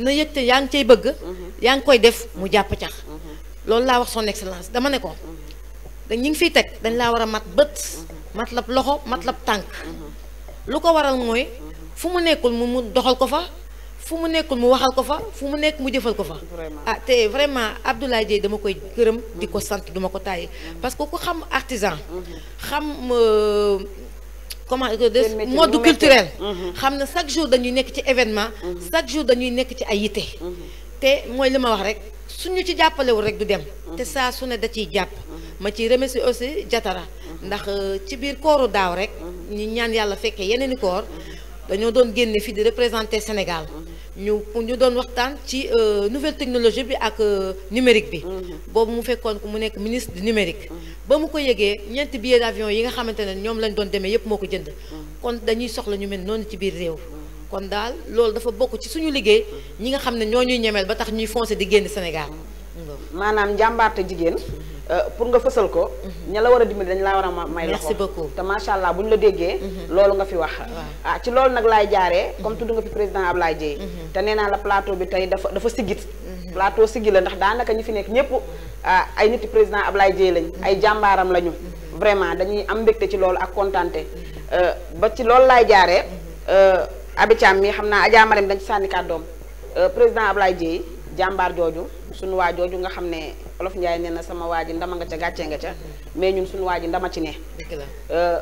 na yëg ca yaa ngi cay bëgg mm-hmm. yaa ngi koy def mu jàpp cax mm-hmm. loolu laa wax son excellence dama ne ko mm-hmm. da ñi ngi fiy teg dañ laa war a mat bët mat lab loxo mat lab tànk lu ko waral mooy fu mu nekkul mu mu doxal ko fa fu mu nekkul mu waxal ko fa fu mu nekk mu jëfal ko fa ah te vraiment Abdoulaye Dieye dama koy gërëm di ko sant duma ko tàyyi parce que ku xam artisan xam euh, comment euh, mode culturel mhm. xam na chaque jour dañuy nekk ci événement mhm. chaque jour dañuy nekk ci ay yite mhm. te mooy li ma wax rek su ñu ci jàppalewul rek du dem te saa su ne da ciy jàpp ma ci remercier aussi jatara ndax euh, ci biir kooru daaw rek ñu ñaan yàlla fekkee yeneen i koor dañoo doon génne fii di représenter Sénégal ñu ñu doon waxtaan ci euh, nouvelle technologie bi ak euh, numérique bi. Mhm. boobu mu fekkoon ku mu nekk ministre di numérique. Mhm. ba mu ko yëgee ñeenti billet d'avion yi nga xamante ne ñoom lañ doon demee yépp moo ko jënd. Mhm. kon dañuy soxla ñu mel noonu ci biir réew. kon daal loolu dafa bokk ci suñu liggéey. ñi nga xam ne ñoo ñuy ñemeel ba tax ñuy foncer di génn Sénégal. maanaam njàmbaarte jigéen. Euh, pour nga fësal ko ña la war a dimbali dañ laa war a may loxo merci beaucoup te macha allah bu ñu la déggee mhm. loolu nga fi wax ah ci loolu nag laay jaaree mhm. comme tudd nga fi président Ablaye Dieye mhm. te nee naa la plateau bi tey dafa dafa sigit plateau sigi la ndax daanaka ñu fi nekk ñëpp ah, ay nit président Ablaye Dieye lañ ay jàmbaaram lañu vraiment dañuy am mbégte ci loolu ak kontante euh, ba ci loolu laay jaaree euh, Abi Thiam mi xam naa Adja Marème dañ ci sànni kàddoom président Ablaye Dieye jàmbaar jooju suñu waa jooju nga xam ne olof Njaay nee na sama waa ji ndama nga ca gàccee nga ca mais ñun suñu waa ji ndama ci ne euh,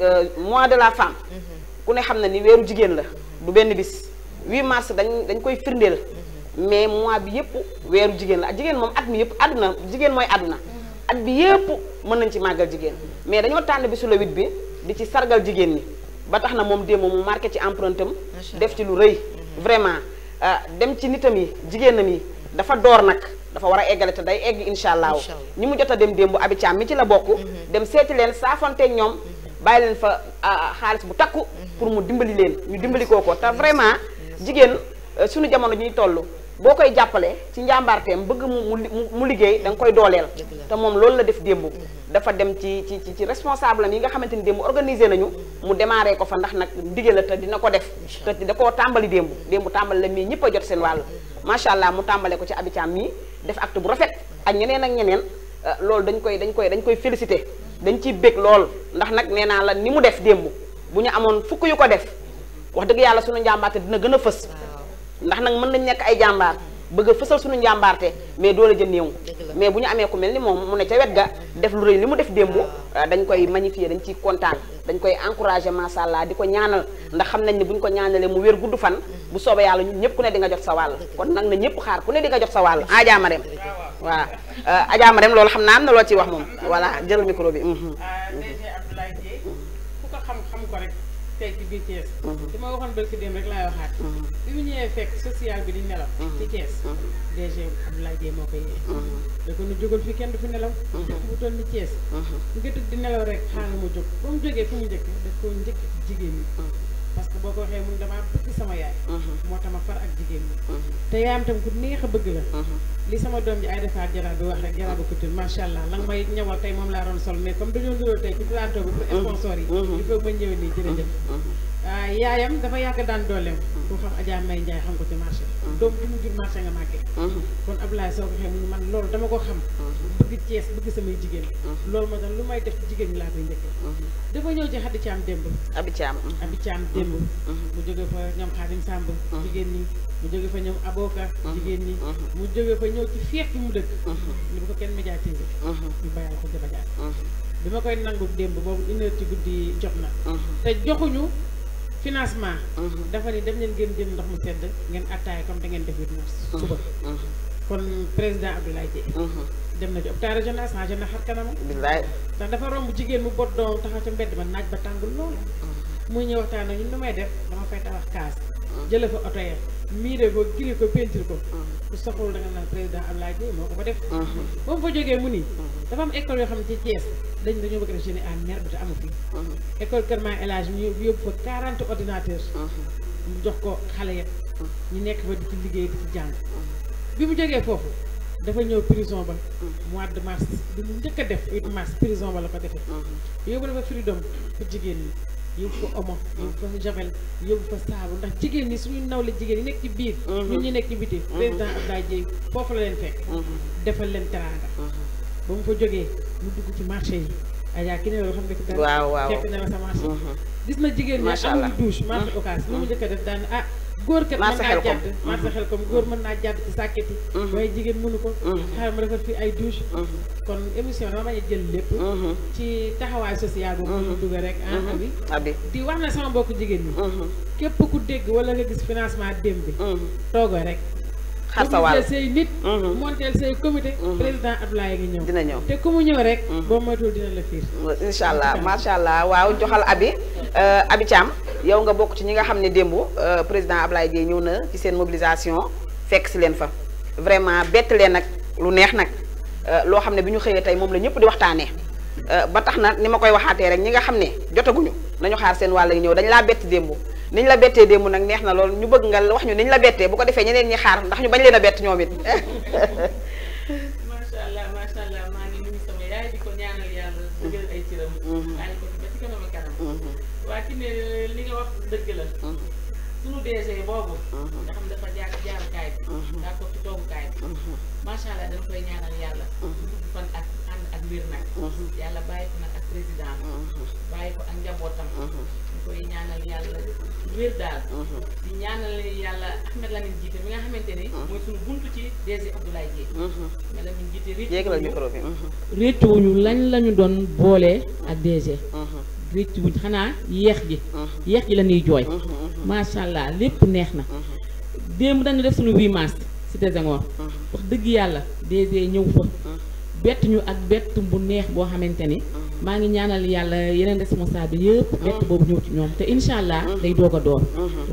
euh, mois de la femme mm-hmm. ku ne xam na ni weeru jigéen la du benn bis 8 mars dañ dañ koy firndeel mm-hmm. mais mois bi yëpp weeru jigéen la jigéen moom at mi yëpp àdduna jigéen mooy àdduna at bi yëpp mën nañ ci màggal jigéen mais dañoo tànn bisu le bi di ci sargal jigéen ñi ba tax na moom démb mu marqué ci empreinte am def ci lu rëy mm-hmm. vraiment euh, dem ci nitam yi jigéenam yi dafa door nag dafa war a eggale te day egg incha allah ñi mu jot a dem démb abi caam mi ci la bokk mm-hmm. dem seeti leen saafonteeg ñoom mm-hmm. bàyyi leen fa xaalis bu takku mm-hmm. pour mu dimbali leen ñu dimbali koo ko te vraiment jigéen euh, suñu jamono ñuy toll boo koy jàppale ci njàmbaarteem bëgg mu mu liggéey danga nga koy dooleel te moom loolu la def démb mm-hmm. dafa dem ci ci ci responsable am yi nga xamante ni démb organisé nañu mm-hmm. mu démarré ko fa ndax nag ndige la te dina ko def te da koo tàmbali démb démb tàmbali la mii ñëpp jot seen wàll mm-hmm. macha allah mu tàmbale ko ci abicam mii def acte bu rafet ak ñeneen ak ñeneen euh, loolu dañ koy dañ koy dañ koy félicité dañ ciy bég lool ndax nag nee naa la ni mu def démb bu ñu amoon fukk yu ko def wax dëgg yàlla suñu njàmbaate dina gën a fës ndax nag mën nañ nekk ay jàmbaar bëgg a fësal suñu njàmbaarte mais doole jën néew mais bu ñu amee ku mel ni moom mu ne ca wet ga def lu rëy li mu def démb ah, dañ koy magnifier dañ ciy kontaan dañ koy encouragé macha allah di ko ñaanal ndax xam nañ ne bu ko ñaanalee mu wér gudd fan bu soobee yàlla ñun ñëpp ku ne di jot sa wàll kon nag na ñëpp xaar ku ne di nga jot sa wàll ajaama dem waaw loolu xam naa am na loo ciy wax moom voilà jël micro bi mhm. Mhm. Euh, ku ko tey ci biir Thiès. li mhm. ma waxoon bëgg dem rek laay waxaat. Mhm. bi mu ñëwee fekk social bi di nelaw. Mhm. ci Thiès. DG Abdoulaye Dieye moo ko yee. da ko nu jógal fi kenn du fi nelaw. mu toll ni Thiès. nga tëdd di nelaw rek xaaral ma jóg ba mu jógee fu mu njëkk daf koo njëkk jigéen ñi. parce que boo ko waxee mun damaa bëgg sama yaay. Mhm. moo tax ma far ak jigéen ñi. Mhm. te yaayam tam ku neex a bëgg la. Mhm. li sama doom ji ay defaat jaraab bi wax rek jaraabu couture macha allah lan may ñëwal tey moom laa ron sol mais comme dañoo niroo tey ci plateau bi. pour sponsor yi. il faut ma ñëw nii jërëjëf. Ah, yaayam dafa yàgg daan dooleem. pour xam Adja Mbaye Ndiaye xam ko ci marché. Mm-hmm. doom bu mu jur marché nga màggee. Mm-hmm. kon Abdoulaye soo ko xee mu man loolu dama ko xam. Mm-hmm. bëgg Cees bëgg samay jigéen. loolu moo tax lu may def ci jigéen ñi laa koy njëkk. dafa ñëw ci Xadi Caam démb. Abi Caam Abi Caam démb. mu jóge fa mu jóge fa ñoom Aboka. jigéen ñi. mu jóge fa ñëw ci feex bi mu dëkk. ni bu ko kenn médiatisé. ñu bàyyal ko jabajaat. bi ma koy nangu démb boobu une heure ci guddi jot na. te joxuñu. financement. Mhm. dafa ni dem leen ngeen jël ndox mu sedd ngeen attaay comme da ngeen def 8 mars. Mhm. suba mhm. kon président Abdoulaye Dièye. dem na ci hôpital régional changé na xar kanamam. bilaay ndax dafa romb jigéen mu boot doom taxaw ca mbedd ma naaj ba tàng lool. muy ñëw waxtaan ak ñun nu may def dama fay tabax kaas. jëlee fa oto ya miire boo kili ko peinture ko ah. ku soxla da nga naan président Abdoulaye Gueye moo ko fa def ah. ba mu fa jógee mu ni ah. dafa am école yoo xam ne ci Thiès dañ dañoo bëgg def génie en herbe te amu fi école Kër Maam El Hadji ñu yóbbu fa quarante ordinateurs mu jox ko xale ya ñi nekk fa di ci liggéey di ci jàng bi mu jógee foofu dafa ñëw prison ba mois de mars bi mu njëkk def 8 mars prison ba la ko defee yóbbu dafa freedom pour jigéen ñi yóbbu ko omo yóbbu ko javel yóbbu ko saabu ndax jigéen ñi suñu nawle jigéen ñi nekk ci biir mhm. ñun ñu nekk ci biti mhm. président Abdoulaye Dièye foofu la leen fekk mhm. defal leen teraanga ba mu fa jógee mu dugg ci marché yi ajaa ki ne yoo xam ne ci dara fekk na la sa marché gis na jigéen ñi amul douche marché occas lu mu njëkk def daan ah góor kat mën naa jàdd marché mhm. xel comme góor mën naa jàdd ci sàkket yi mhm. jigéen mënu ko mhm. xaaral ma defar fii ay douche kon émission dama bañ a jël lépp ci taxawaay social boobu ñu dugg rek ah abi di wax na sama mbokk jigéen ñi képp ku dégg wala nga gis financement démb bi toogo rek xar sa wàll say nit mhm. monteel say comité mhm. président Abdoulaye ngi ñëw dina ñëw te ku mu ñëw rek mhm. boo moytuwul dina la fiir incha allah macha allah waaw joxal abi euh, abi Thiam yow nga bokk ci ñi nga xam ne démb euh, président Abdoulaye Dièye ñëw na ci seen mobilisation fekk si leen fa vraiment bett leen nag lu neex nag euh, loo xam ne bi ñu xëyee tey moom la ñëpp di waxtaanee ba tax na ni ma koy waxaatee rek ñi nga xam ne jotaguñu nañu xaar seen wàll ngi ñëw dañ laa bett démb niñ la bettee démb nag neex na lool ñu bëgg nga wax ñu niñ la bettee bu ko defee ñeneen ñi xaar ndax ñu bañ leen a bett ñoom it. macha allah macha allah maa ngi nuyu sama yaay ko ñaanal yàlla ay ciram. maa mm-hmm. ngi ko mm-hmm. li nga wax dëgg la. Mm-hmm. suñu DG boobu. Mhm. nga xam dafa jaar jaarukaay bi. Mhm. daa ko ci toogukaay bi. Mhm. macha allah dañ koy ñaanal yàlla. gudd fan ak ànd ak wér nag. yàlla bàyyi ko nag ak président bàyyi ko ak njabootam. koy ñaanal yàlla wér daal. di ñaanal yàlla Ahmed Lamine Djité mi nga xamante ni. mooy suñu buntu ci DG Abdoulaye Dièye. mais Lamine Djité réccu wuñu lañ lañu doon boolee ak DG. réccu wuñ xanaa yéex gi. yéex gi la ñuy jooy. macha allah lépp neex na. démb dañu def suñu 8 mars cité Senghor. wax dëgg yàlla DG ñëw fa. bett ñu ak bett bu neex boo xamante ni. maa ngi ñaanal yàlla yeneen responsable yëpp. bett boobu ñëw ci ñoom te incha allah day doog a door.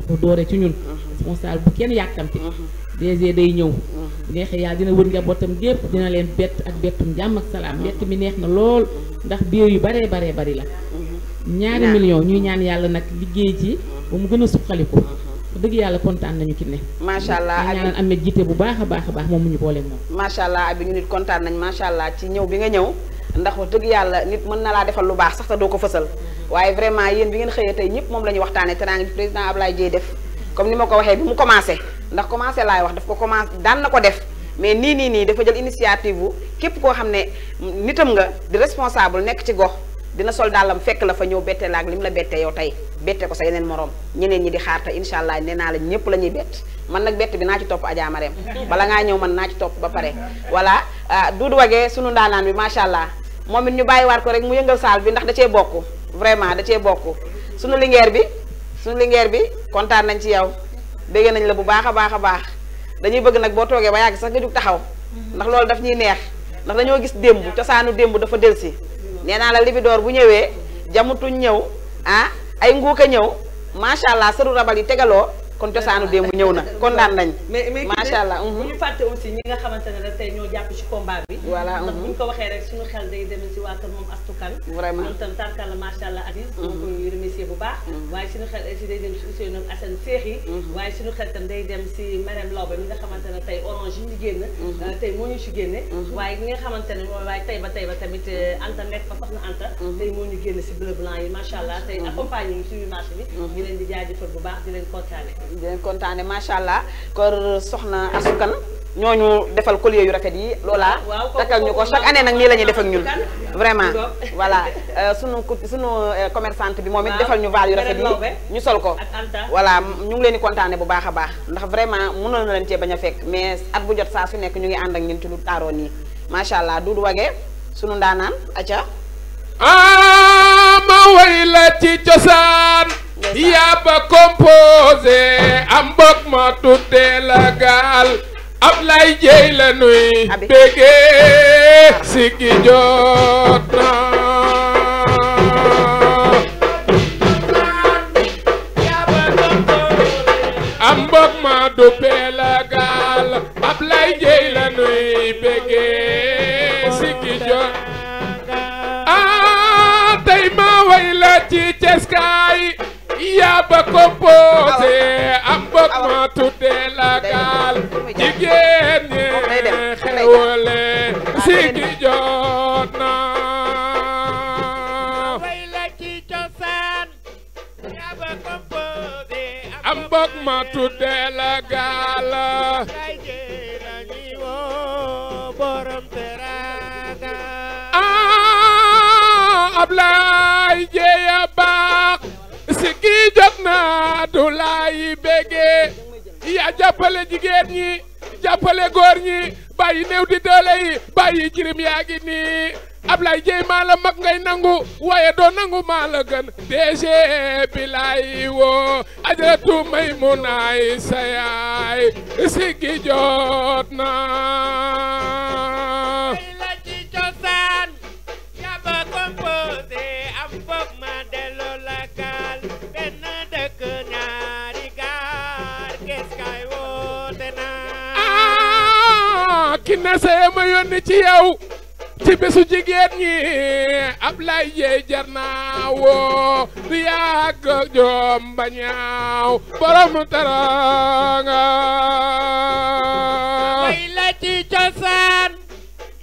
ko dooree ci ñun. responsable bu kenn yàkkamti. DG day ñëw. neexee yàlla dina wër njabootam gépp dina leen bett ak bettum jàmm ak salaam bett mi neex na lool ndax biir yu baree baree bari la. ñaari million ñuy ñaan yàlla nag ba mu gën suqaliku mm-hmm. dëgg yàlla kontaan nañu ki ne macha allah abi ñaan amee jiite bu baax a baax a baax moom mu ñu booleeg moom macha allah abi ñu nit kontaan nañ macha allah ci ñëw bi nga ñëw ndax dëgg yàlla nit mën na laa defal lu baax sax te doo ko fësal mm-hmm. waaye vraiment yéen bi ngeen xëyee tey ñëpp moom la ñuy waxtaanee teraanga bi président Ablaye Dieye def comme ni ma ko waxee bi mu commencé ndax commencé laay wax daf ko commencé daan na ko def mais nii nii nii dafa jël initiative bu képp koo xam ne nitam nga di responsable nekk ci gox dina sol dàllam fekk la fa ñëw bette la ak lim la bette yow tey bette ko sa yeneen moroom ñeneen ñi di xaar te incha allah nee naa la ñëpp la ñuy bett man nag bett bi naa ci topp Adja Marème bala ngaa ñëw man naa ci topp ba pare voilà ah, Doudou Wagué suñu ndaanaan bi macha allah moom it ñu waat ko rek mu yëngal saal bi ndax da cee bokk vraiment dacee bokk sunu lingeer bi sunu lingeer bi kontaan nañ ci yow bégg nañ la bu baax a baax a baax dañuy bëgg nag boo toogee ba yàgg sax nga jug taxaw ndax loolu daf ñuy neex ndax dañoo gis démb cosaanu démb dafa delsi nee naa la libidoor bu ñëwee jamutuñ ñëw ah ay nguuka ñëw macha allah sëru rabal yi tegaloo kon cosaanu démb ñëw na kon kontaan nañ macha allah bu mhm. ñu fàtte aussi ñi nga xamante ne rek tey ñoo jàpp ci combat bi voilà ndax mhm. waxee rek suñu xel day waa kër moo mhm. koy remercier bu baax waaye suñu xel aussi day dem ci Ousseynou ak Assane Seex yi waaye suñu xel tam day dem ci nga xamante ne tey orange yi ñu génn euh, tey moo ñu si génne waaye ñi nga xamante ne mooy waaye tey ba tey ba tamit euh, Anta nekk fa soxna Anta tey moo ñu génn ci bleu blanc yi macha allah tey accompagné ñu suñu marché bi ñu leen di jaajëfal bu baax di leen kontaane dañ leen machallah soxna asukan ñoñu defal collier yu rafet yi lola takal ñuko chaque année nak ni lañuy def ak ñun kan, vraiment voilà euh, sunu sunu euh, commerçante bi momit defal ñu val yu rafet yi ñu sol ko voilà ñu ngi leen bu baaxa baax ndax vraiment mënoon na leen ci baña fek mais at bu jot sa su nek ñu ngi and ak ñun ci lu taaroo nii wagé suñu ndanan way la ci yaa ba composé am mbokk ma tuddee la gaal Ablaye Dieye la nuy bégee sigi na am mbokk ma duppee la gaal Ablaye Dieye la nuy bégee sigi jot ah, tey ma way la ci ceskaay yaa ba composé am bokk ma tuddee la gaal jigéen ñi xewale si gi jot na am bokk ma tuddee la gaal borom teraanga ah, Ablaay Maadu laay béggee ya jàppale jigéen ñi jàppale góor ñi bàyyi néew di doole yi bàyyi jirim yaa ngi nii Ablaye Dieye maa la mag ngay nangu waaye doo nangu maa gën DG bi laay woo ajaratu may mu naay sa yaay siggi jot na ki ne saye ci yow ci bésu jigéen ñi Ablaye Dieye jar naa woo du yàgg joom ba ñaaw borom taranga way ci cosaan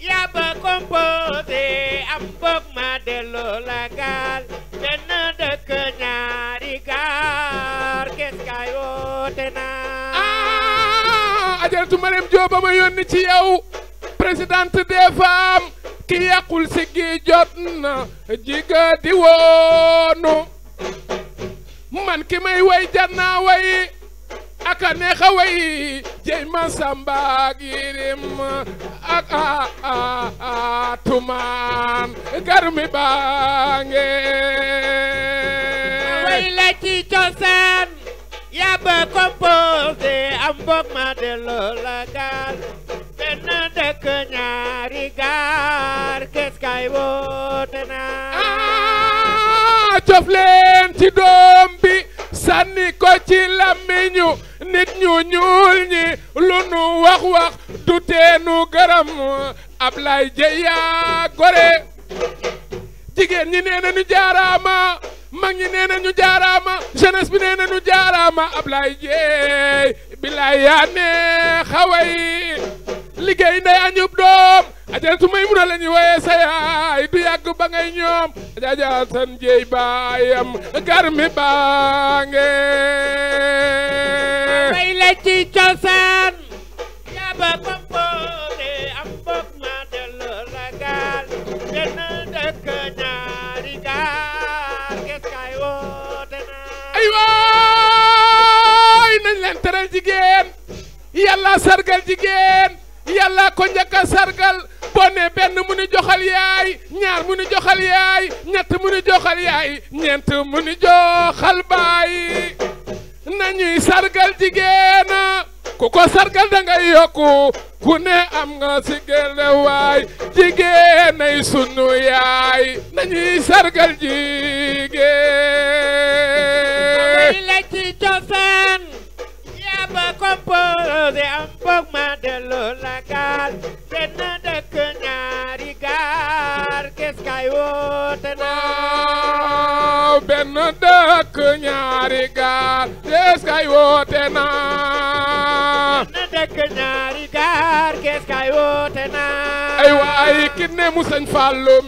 yaa ba composé am boog ma delloo la gaal benn dëkk ñaari gaar kes kaay woote Ajaratu Mariam ma yónni ci yow présidente des ki yàqul si gi na jiga di woonu man ki may way janna way aka neexa way jey ma samba girim ak a tumaan garmi baange way la yaa la gaal ah, leen ci doom bi sànni ko ci làmmiñu nit ñu ñuul ñi lu nu wax wax du teenu gërëm Ablaye Jeey yaa gore jigéen ñi nee nañu jaaraama mag ñi nee nañu jaaraama jeunesse bi nee nañu jaaraama Ablaye Dieye bilaay yaa ne xaway liggéey ndey añub doom ajaratu may mun a la ñuy woyee sa yaay du yàgg ba ngay ñoom ajaajatan jeey baayam garmi baange way la ci cosaan yaa ba yi nañ leen teral jigéen yàlla sargal jigéen yàlla ko njëkk a sargal boo benn mu joxal yaay ñaar mu joxal yaay ñett mu joxal yaay ñeent mu joxal baay nañuy sargal jigéen ku ko sargal da yokku ku ne am nga si gelewaay jigéen ay sunu yaay nañuy sargal jigéen. ma composé am boog ma delloo la gaal te dëkk ñaari gaar kes kay woote naa ah, benn dëkk ñaari gaar kes kay woote naa na dëkk ay waay kinne mu sëñ Fallu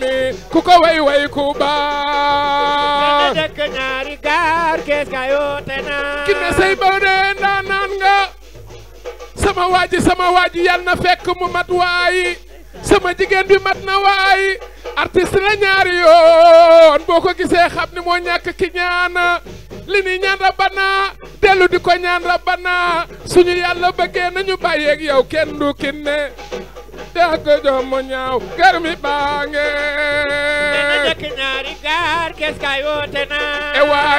ku ko way ku baax kinne say baw ndaa naan nga sama waaji sama waaji yal na fekk mu mat waayi sama jigéen bi mat na waayi artiste la ñaari yoon boo ko gisee xam ni moo ñàkk ki ñaana li ni ñaanda banaa dellu di ko ñaan rabbana suñu yàlla bëggee nañu bàyyeeg yow kenn du kinne dàgg joom ñaaw gar mi baange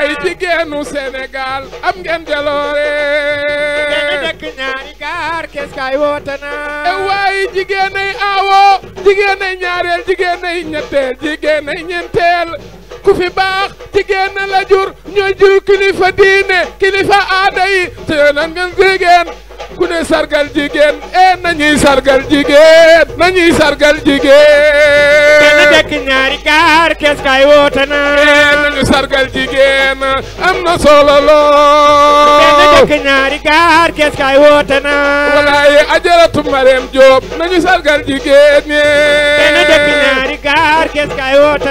e jigéenu Sénégal am ngeen jaloore ñaari e jigéenay aawo jigéenay ñaareel jigéenay ñetteel jigéenay ñeenteel ku baax jigéen na la jur ñoo kilifa diine kilifa aada yi te nan ngeen jigéen ku ne sargal jigéen eh nañuy sargal jigéen nañuy sargal jigéen. dana dekk ñaari gaar kees kay na. eh sargal jigéen am na solo lool. dana dekk ñaari gaar kees kay woote na. walaaye ajaratu Marème Diop nañu sargal jigéen ñee. dana dekk ñaari gaar kees kay woote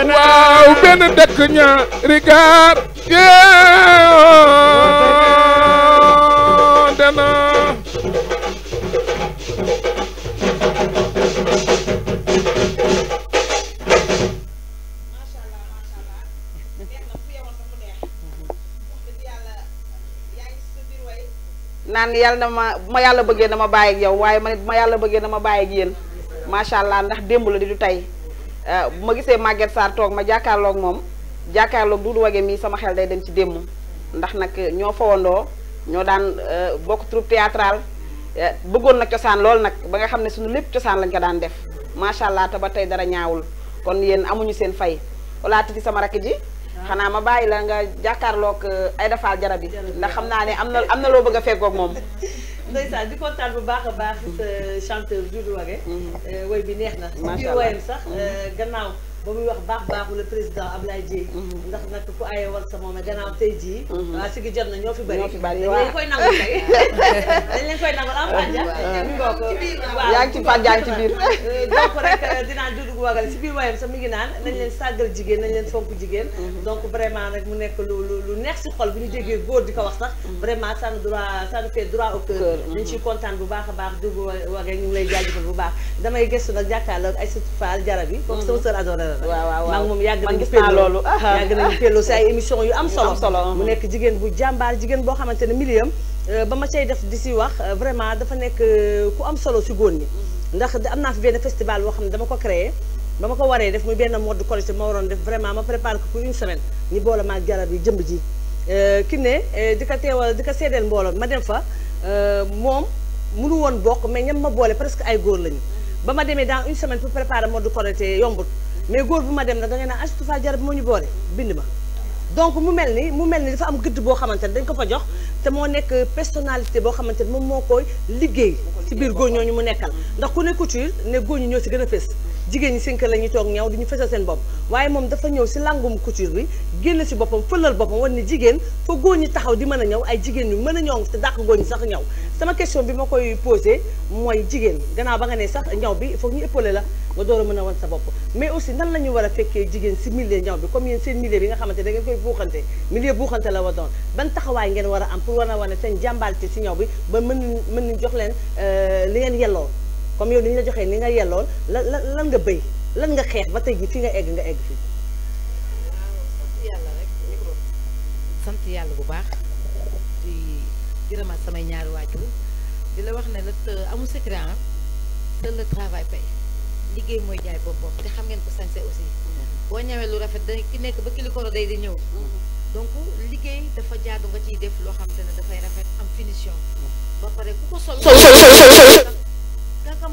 naan yàlla na ma ma yàlla bëggee dama bàyyi ak yow waaye ma it ma yàlla bëggee ma bàyyi ak yéen macha allah ndax démb la di du tey euh, bu ma gisee Maguette Sarr toog ma jàkkaarlook moom jàkkaarloog du wage mii sama xel day dem ci démb ndax nag ñoo fawandoo ñoo daan euh, bokk troupe théâtrale euh, bëggoon na cosaan lool nag ba nga xam ne suñu lépp cosaan lañ ko daan def macha allah te ba tey dara ñaawul kon yéen amuñu seen fay walaati ci sama rakk ji. xana ma bàyyi la nga jakarlo ak ay dafal jarabi ndax xamna ne amna amna lo na loo bëgg a feggoog moom ndeysaan di contane bu baax baax ci chanteur Doudou euh way bi neex na ci wayam sax euh gannaaw ba muy wax baax baaxu le président Ablaye Dieye. Mhm. ndax nag ku aaye war sa moom gannaaw tey jii. Mhm. waa si gi jot na ñoo fi bari. ñoo fi bari waaw koy nangu tey dañ leen koy nangu am Fadja. waaw yaa biir. Euh, donc rek euh, dinaa judd gu wagal si biir wayam sax mi ngi naan nañ leen sàggal jigéen nañ leen fonk jigéen. Mhm. donc vraiment rek mu nekk lu lu neex si xol bu ñu jógee góor di ko wax sax. vraiment ça nous droit ça nous fait droit au cœur. dañ ciy kontaan bu baax a baax dugg wagal ñu ngi lay jaajëfal bu baax damay gëstu nag jàkkaarloog Aïssatou Fall jara bi comme sama sœur adorée waaw waaw moom yàgg nañu gis naa ah. si ay émission yu am solo solo uh-huh. mu nekk jigéen bu jàmbaar jigéen boo xamante ne miliam euh, ba ma cay def di si wax euh, vraiment dafa nekk euh, ku am solo si góor ñi ndax am naa fi benn festival boo xam ne dama ko créé ba ma ko waree def muy benn mode collectif ma waroon def vraiment ma prépare ko pour une semaine ñu boole maag jarab yi jëmb ji ki ne di ko teewal di ko seedeel mbooloo ma dem fa moom mënu woon bokk mais ñam ma boole presque ay góor lañu ba ma demee dans une semaine pour préparer mode collectif yombut mais góor bu ma dem nag da ngay naan Aïssata Diarra bi moo ñu boore bind ma donc mu mel ni mu mel ni dafa am gëdd boo xamante ne dañ ko fa jox te moo nekk personnalité boo xamante ne moom moo koy liggéey ci biir góor ñoo ñu mu nekkal ndax ku ne couture ne góor ñi ñoo si gën a fës jigéen ñi sinka la ñuy toog ñaw di ñu fesal seen bopp waaye moom dafa ñëw si langum couture bi génn si boppam fëlal boppam war ni jigéen fa góor ñi taxaw di mën a ñaw ay jigéen ñu mën a ñaw te dàq góor ñi sax ñaw sama question bi ma koy posé mooy jigéen gannaaw ba nga ne sax ñaw bi foog ñu épaulé la nga door a mën a wan sa bopp mais aussi nan la ñu war a fekkee jigéen si milieu ñaw bi comme yéen seen milieu bi nga xamante da ngeen koy buuxante milieu buuxante la wa doon ban taxawaay ngeen war a am pour war a wane seen jàmbaarte si ñaw bi ba mën mën leen euh, li ngeen comme yow ni ñu la joxee ni nga yelloon lan lan lan nga béy lan nga xeex ba tey jii fi nga egg nga egg fi sant yàlla bu baax di gërëmaat samay ñaari waajur di la wax ne la amul secret ah seul le travail paye liggéey mooy jaay boppam te xam ngeen ko sañse aussi boo ñëwee lu rafet da ki nekk ba kilikoro day di ñëw donc liggéey dafa jaadu nga ciy def loo xam te ne dafay rafet am finition ba pare ku ko sol sol sol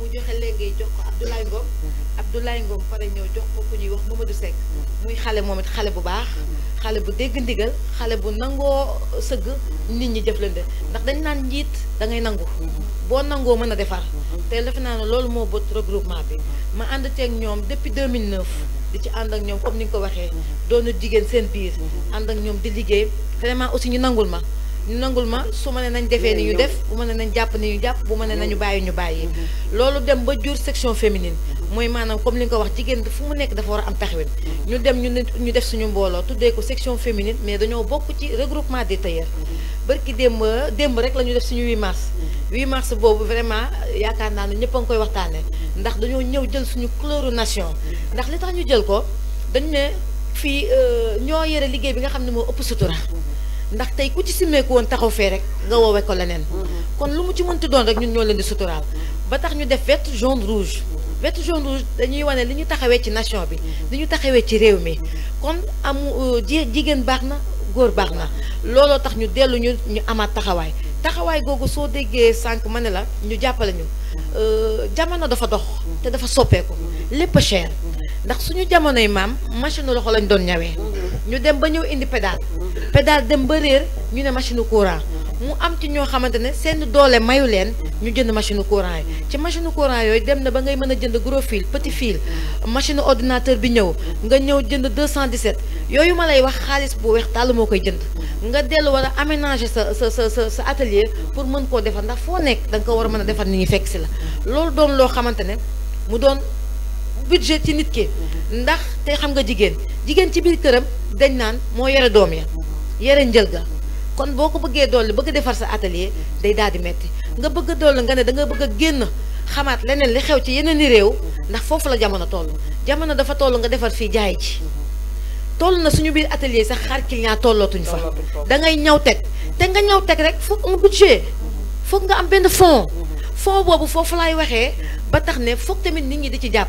mu joxe léegi jox ko Abdoulaye Ngom mm-hmm. Abdoulaye Ngom pare ñëw jox ko ku ñuy wax di Seck mm-hmm. muy xale moom it xale bu baax mm-hmm. xale bu dégg ndigal xale bu nangoo sëgg nit ñi jëflante ndax dañ naan njiit da nangu boo nangoo mën a defar te defe naa ne loolu moo bët regroupement bi ma ànd ceeg ñoom depuis 2009 di ci ànd ak ñoom comme ni nga ko waxee doonu jigéen seen biir ànd ak ñoom di liggéey vraiment aussi ñu nangul ma ñu nangul ma su ma ne nañ defee ni ñu def bu ma ne nañ jàpp ni ñu jàpp bu ma ne nañu bàyyi ñu bàyyi mm-hmm. loolu dem ba jur section féminine mm-hmm. mooy maanaam comme li nga ko wax jigéen fu mu nekk dafa war a am taxawin mm-hmm. ñu dem ñu ne ñu def suñu mbooloo tuddee ko section féminine mais dañoo bokk ci regroupement des tailleurs barki démb démb rek la ñu def suñu 8 mars 8 mars boobu vraiment yaakaar naa ne ñëpp a ngi koy waxtaanee ndax dañoo ñëw jël suñu couleur nation ndax li tax ñu jël ko dañu ne fii euh, ñoo yore liggéey bi nga xam ne moo ëpp sutura ndax tey ku ci simmeeku woon taxaw fee rek nga woowee ko leneen mm-hmm. kon lu mu ci mënti doon rek ñun ñoo leen di suturaal ba tax ñu def vert jaune rouge mm-hmm. vert jaune rouge dañuy wane li ñu taxawee ci nation bi mm-hmm. li ñu taxawee ci réew mi kon amu euh, ji jigéen baax na góor baax na looloo tax ñu dellu ñu ñu amaat taxawaay taxawaay googu soo déggee sànq ma ne la ñu jàppale ñu euh, jamono dafa dox te dafa soppeeku lépp a cher ndax suñu jamonoy maam machine loxo lañ doon ñawee ñu dem ba ñëw indi pédale pédale dem ba réer ñu ne machine courant mu am ci ñoo xamante ne seen doole mayu leen ñu jënd machine courant yi ci machine courant yooyu dem na ba ngay mën a jënd gros fil petit fil machine ordinateur bi ñëw nga ñëw jënd 217 yooyu ma lay wax xaalis bu weex tàll moo koy jënd nga dellu war a aménager sa sa sa sa atelier pour mën koo defar ndax foo nekk da ko war a mën a defar ni ñu fekk si la xamante ne budget ci nit ki ndax te xam nga jigéen jigéen ci biir këram dañ naan moo yore doom ya yore njël ga kon boo ko bëggee dolli bëgg defar sa atelier day daal di metti nga bëgg a dolli nga ne da nga bëgg a génn xamaat leneen li xew ci yeneen i réew ndax foofu la jamono toll jamono dafa toll nga defar fii jaay ci toll na suñu biir atelier sax xaar client tollootuñ fa da ngay ñaw teg te nga ñaw teg rek foog nga budget foog nga am benn fond fond boobu foofu laay waxee ba tax ne foog tamit nit ñi di ci jàpp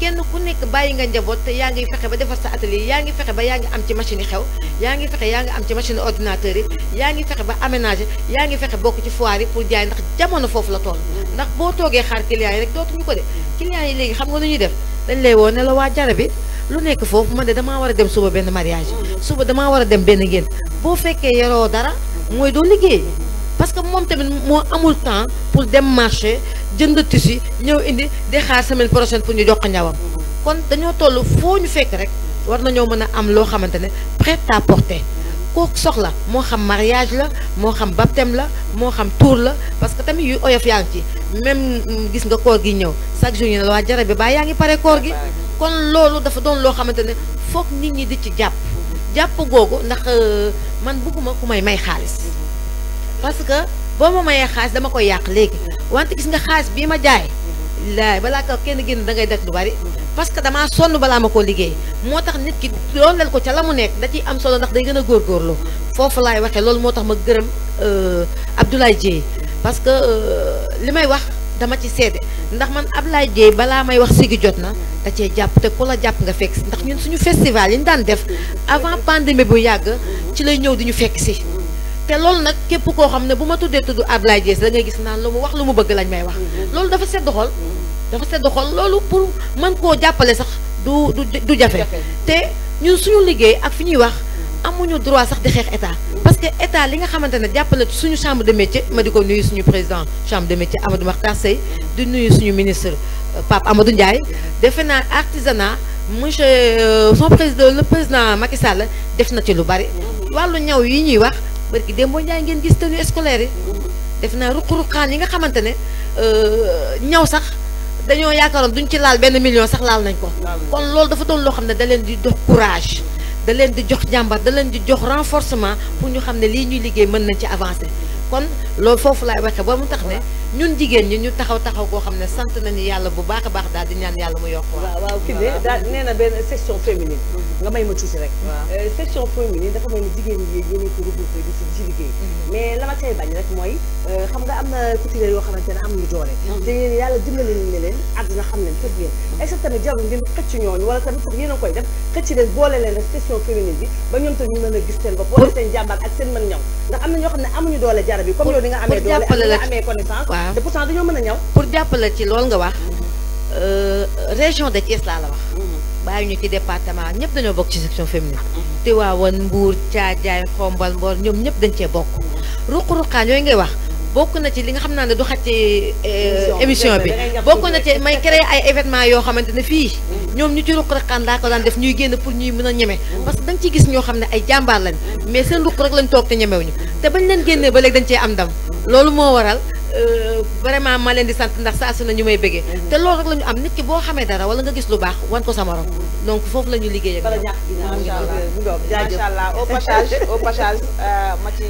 kenn ku nekk bàyyi nga njaboot te yaa ngi fexe ba defar sa atelier yaa ngi fexe ba yaa ngi am ci machine yi xew yaa ngi fexe yaa ngi am ci machine ordinateur yi yaa ngi fexe ba aménager yaa ngi fexe bokk ci foire yi pour jaay ndax jamono foofu la tool ndax boo toogee xaar clients yi rek dootuñu ko de clients yi léegi xam nga lu ñuy def dañ lay woo ne la waa jara bi lu nekk foofu man de damaa war a dem suba benn mariage suba damaa war a dem benn ngéen boo fekkee yaroo dara mooy doo liggéey parce que moom tamit moo amul temps pour dem marché jënd tissu ñëw indi di xaar semaine prochaine pour ñu jox ko ñawam kon dañoo toll foo ñu fekk rek war na ñoo mën a am loo xamante ne prêt à porter kooku soxla moo xam mariage la moo xam baptême la moo xam tour la parce que tamit yu oyof yaa ngi ci même mm, gis nga koor gi ñëw chaque jour ñu ne waa jare bi baa yaa ngi pare koor gi kon loolu dafa doon loo xamante ne foog nit ñi di ci jàpp jàpp googu ndax euh, man bëgguma ku may may xaalis parce que boo ma mayee xaalis dama koy yàq léegi wante gis nga xaalis bii ma jaay laay balaa ko kenn génn da ngay def lu bari parce que damaa sonn balaa ma koo liggéey moo tax nit ki doon lel ko ca la mu nekk da ciy am solo ndax day gën a góor góorgóorlu foofu laay waxee loolu moo tax ma gërëm euh, Abdoulaye Dieye parce que euh, li may wax dama ci seede ndax man ab Abdoulaye Dieye balaa may wax sigi jot na da cee jàpp te ku la jàpp nga fekk si ndax ñun suñu festival yi ñu daan def avant pandémie bu yàgg ci lay ñëw di ñu fekk si te loolu nag képp koo xam ne bu ma tuddee tudd ab Diès da ngay gis naan lu mu wax lu mu bëgg lañ may wax. Mm-hmm. loolu dafa sedd xol. dafa sedd xol loolu pour mën koo jàppale sax du du du jafe. te ñun suñu liggéey ak fi ñuy wax. amuñu droit sax di xeex état parce que état li nga xamante ne jàppale suñu chambre de métier ma di ko nuyu suñu président chambre de métier Amadou Makhtar Seye di nuyu suñu ministre euh, Pape Amadou Ndiaye defe naa artisanat monsieur euh, son président le président Macky Sall def na ci lu bari wàllu ñaw yi ñuy wax barki démboo njaay ngeen gis tenue scolaire yi def naa ruq-ruqaan yi nga xamante ne euh, ñaw sax dañoo yaakaaroon duñ ci laal benn million sax laal nañ ko kon loolu dafa doon loo xam ne da leen di dox courage da leen di jox jàmbar da leen di jox renforcement pour ñu xam ne lii ñuy liggéey mën nañ ci avancé kon lool foofu laay waxee ba mu tax ne ñun jigéen ñi ñu taxaw taxaw koo xam ne sant nañu yàlla bu baax a baax daal di ñaan yàlla mu yokk waaw waaw kii de daal nee na benn section féminine mhm. nga may ma tuuti rek euh, section féminine dafa mhm. mooy euh, xam nga am na couturier yoo xamante ne am ñu doole mhm. te yéen yàlla dimbali leen ne leen xam leen fëf yéen est tamit jarul ngeen xëcc ñooñu wala tamit sax yéen koy def xëcc leen boole leen rek féminine bi ba ñoom tamit ñu mën a gis seen bopp boole seen jàmbaar ak seen mën ñaw ndax am na ñoo xam ne amuñu waaw te a ñaw. pour jàppale ci lool nga wax euh, région de Thiès laa la wax. Mm-hmm. bàyyi ñu ci département ñëpp dañoo bokk ci section féminine. Mm-hmm. Tivaouane Mbour Thiadiaye Xombol Mbor ñoom ñëpp dañ cee bokk. Mm-hmm. ruq-ruqaan yooyu ngay wax. bokk na ci li nga xam naa ne du xaj ci euh, émission bi bokk na ci may créer ay événement yoo xamante ne fii ñoom ñu ci ruq raqaan laa ko daan def ñuy génn pour ñuy mën a ñeme parce que dañ ci gis ñoo xam ne ay jàmbaar lañ mais seen ruq rek lañ toog te ñemewuñu te bañ leen génnee ba léegi dañ cee am ndam Euh, vraiment ma leen di sant ndax saa su na ñu may bëggee mhm. te loolu rek la ñu am nit ki boo xamee dara wala nga gis lu baax wan ko sa morom donc foofu la ñu liggéey ak macha allah au passage au passage euh, ma ci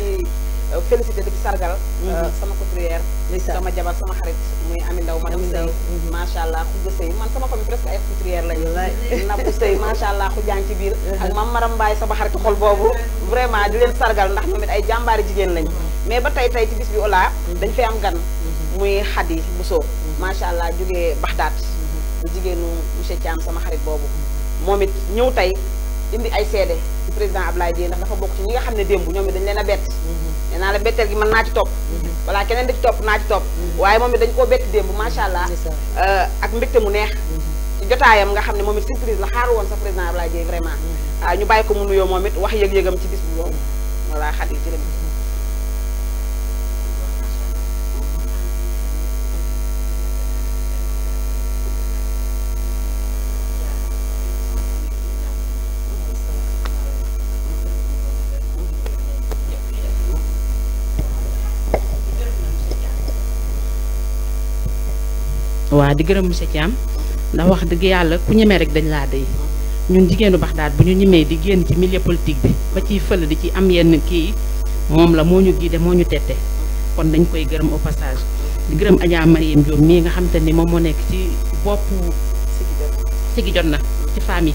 félicité euh, di sargal mhm. euh, sama couturière sama jabar sama xarit muy Ami Ndaw madame Sey mhm. macha allah Khoudia Sey man sama famille presque ay couturière lañu Nabou Sey macha allah Khoudia ci biir mhm. ak mam Maram Mbaye sama xarit xol boobu vraiment di leen sargal ndax moom it ay jàmbaari jigéen lañu mais ba tey tey ci bis bi ola dañ fay am gan muy Khady Bousso macha allah jóge Baxdaat bu jigéenu monsieur Thiam sama xarit boobu moom it ñëw tey indi ay seede ci président Ablaye Dièye ndax dafa bokk ci nga xam ne démb ñoom it dañ leen a bett nee naa la betteel gi man naa ci topp mhm. voilà keneen di ci topp naa ci topp mhm. waaye moom it dañu koo bett démb macha allah euh, ak mbégte mu neex mhm. ci jotaayam nga xam ne moom it surprise la xaaru woon sa président Ablaye Dieye vraiment waaw ah, ñu bàyyi ko mu nuyoo moom it wax yëg-yëgam ci bis bi boobu voilà xat yi ci di gërëm monsieur Thiam ndax wax dëgg yàlla ku ñemee rek dañ laa dey ñun jigéenu Baxdaad bu ñu ñemee di génn ci milieu politique bi ba ciy fël di ci am yenn kii moom la moo ñu de moo ñu tette kon dañ koy gërëm au passage di gërëm Adja Mariam Diop mii nga xam te ni moom moo nekk ci boppu sigi jot na ci femme yi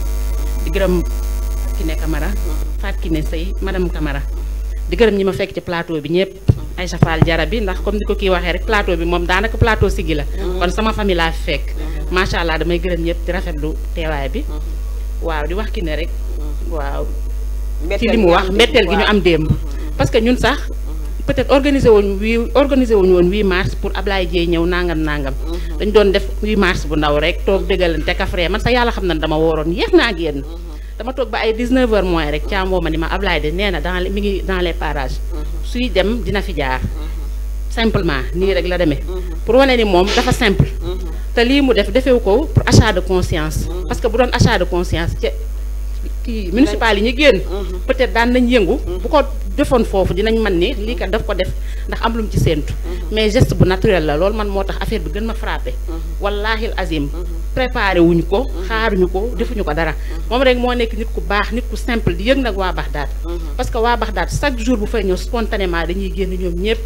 di gërëm Fatou Kiné Camara Fatou Kiné Seye madame Camara di gërëm ñi ma fekk ci plateau bi ñëpp Aïcha Fall jara bi ndax comme ni ko kii waxee rek plateau bi moom daanaka plateau sigi la mm-hmm. kon sama famille laa fi fekk mm-hmm. macha allah damay gërëm ñëpp di rafetlu teewaay bi mm-hmm. waaw di wax ki ne rek waaw ci li mu wax mbetteel gi ñu am démb parce que ñun sax peut-être organisé wuñ wi organisé wuñu woon 8 mars pour Ablaye Dieye ñëw nangam nangam dañ doon def 8 mars bu ndaw rek toog dëggalante kafre man sax yàlla xam na dama wooroon yéex naa génn dama toog ba ay 19 suy dem dina fi jaar mm-hmm. simplement nii rek la demee mm-hmm. pour wane ni moom dafa simple mm-hmm. te lii mu def defewu ko pour achat de conscience parce que bu doon achat de conscience ci kii municipal yi ñu génn peut-être daan nañ yëngu bu ko defoon foofu dinañ man ni lii kat daf ko def ndax am lu mu ci séentu mhm. mais geste bu naturel la loolu man moo tax affaire bi gën ma frappé mhm. wallaahil azim mhm. préparé wuñu ko xaaruñu ko defuñu ko dara moom rek moo nekk nit ku baax nit ku simple di yëg nag waa Baxdaad parce que waa Baxdaad chaque jour bu fay ñëw spontanément dañuy génn ñoom ñëpp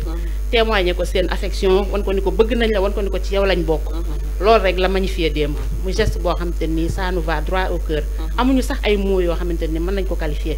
témoigné ko seen affection wan ko ni ko bëgg nañ la wan ko ni ko ci yow lañ bokk lool rek la magnifié démb mu geste boo xamante nii ça nous va droit au cœur amuñu ay mots yoo xamante ni mën nañ ko qualifier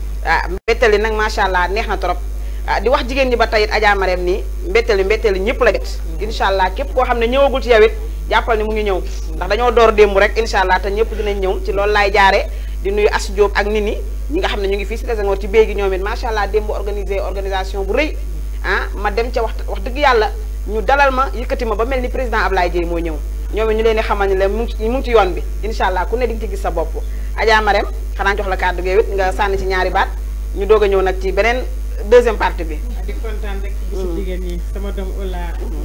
ah mbettali nag macha allah neex na trop ah, di wax jigéen ñi ba tey it Adja Marème nii mbettali mbettali ñëpp la bett. incha allah képp koo xam ne ñëwagul ci yow it jàppal ni mu ngi ñëw ndax dañoo door démb rek incha allah te ñëpp dinañ ñëw ci loolu laay jaare di nuyu As Diop ak nit ñi ñi nga xam ne ñu ngi fii si Senghor ci béy gi ñoom it allah démb organisé organisation bu rëy ah ma dem ca wax wax dëgg yàlla ñu dalal ma yëkkati ma ba mel ni président Ablaye Dieye moo ñëw ñoom ñu leen xamal ne mu ngi yoon bi incha allah ku ne di nga ci gis sa bopp Adja Marème xanaa jox la kàddu gi it nga sànni ci ñaari baat ñu doog a ñëw nag ci beneen deuxième partie bi. Ah, di kontaan rek ci hmm. jigéen ñi sama doom Ola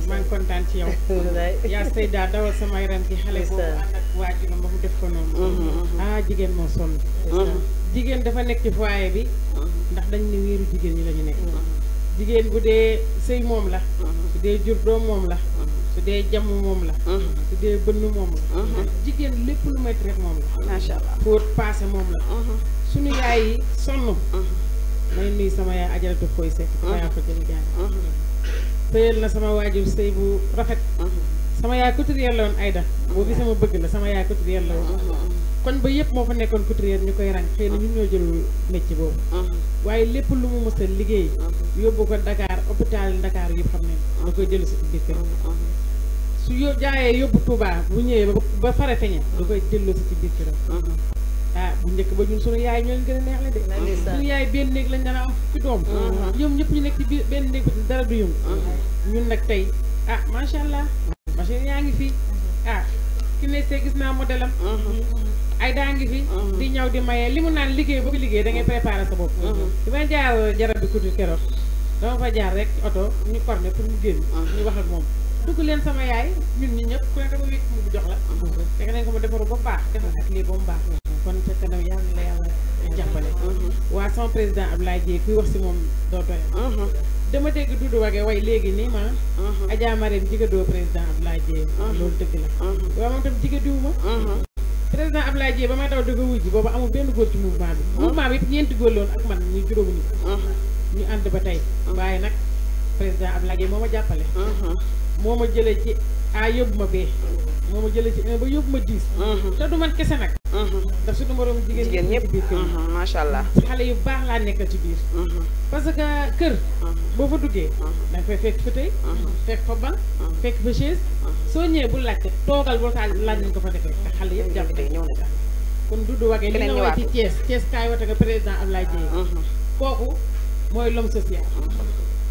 maa ngi kontaan ci yow. yaa Seyda dawal sama yaram ci xale boobu ànd ak waajuram ba mu def ko noonu. Hmm, hmm, ah jigéen moo sonn. jigéen dafa nekk ci foyer bi. ndax dañ ne wéeru jigéen ñi la ñu nekk. jigéen bu dee sëy moom la. bu dee jur doom moom la. su dee jàmm moom la. su mhm. dee bënn moom la. Mhm. jigéen lépp lu métti rek moom la. macha allah pour passé moom la. Mhm. suñu yaay yi sonn. may nuyu sama yaay ajal daf koy sekk. na sama waajur sëy bu rafet. sama yaay couturière la woon Aïda. boobu sama bëgg la sama yaay couturière la woon. kon ba yëpp moo fa nekkoon couturière ñu koy ràng xëy na ñun ñoo jël métier boobu. waaye lépp lu mu mës a liggéey. yóbbu ko Dakar hôpital Dakar yi xam ne. da koy jëli si biir su yo jaayee yóbbu Touba bu ñëwee ba fara feñe da koy delloo si ci biir këram uh-huh. ah bu njëkk ba ñun suñu yaay ñooñu gën neex la de suñu yaay benn néeg lañ daan am fukki doom uh-huh. ñoom ñëpp ñu nekk ci biir benn néeg dara du yëngu uh-huh. ñun nag tey ah macha allah machine yaa ngi fi ah ki ne see gis naa modèle am ay daa ngi fi di ñaw di mayee li mu naan liggéey boo liggéey da ngay préparé sa bopp di ma jaar jarab bi kuddu keroog dama fa jaar rek oto ñu corne pour ñu génn ñu wax ak moom dugg leen sama yaay ñun ñi ñëpp ku ne dama wékk mu jox la defaru ba baax defal ak lii ba mu kon ca kanam yàlla la yàlla jàppale waa sama président Abdoulaye Dièye kuy wax si moom doo doy dama dégg Doudou Wagué way léegi nii ma Adja Marème jiga doo président Abdoulaye Dièye loolu dëgg la waaw moom tam jiga diw ma président Abdoulaye Dièye ba may daw dëgg wuj ji boobu amul benn góor ci mouvement bi mouvement bi ñeenti góor ak man ñu juróomi nit ñu ànd ba tey waaye nag président Abdoulaye Gueye moo ma jàppale. Mm-hmm. moo ma jëlee ci A yóbbu ma bee. moo ma jëlee ci un ba yóbbu ma dix. Mm-hmm. te du man kese nag. Mm-hmm. ndax suñu moroom jigéen ñi ci biir kër yi. macha allah xale yu baax laa nekkal ci biir. parce que kër. boo fa duggee. da nga fay fekk fauteuil. fekk fa banc. fekk fa soo ñëwee bu laajte toogal boo taal laaj nañ ko fa defee te xale yëpp jàpp nañ ñëw na kon Doudou Wagué li nga wax ci Thiès Thiès kaay wate nga président Abdoulaye Dieye. kooku mooy l'homme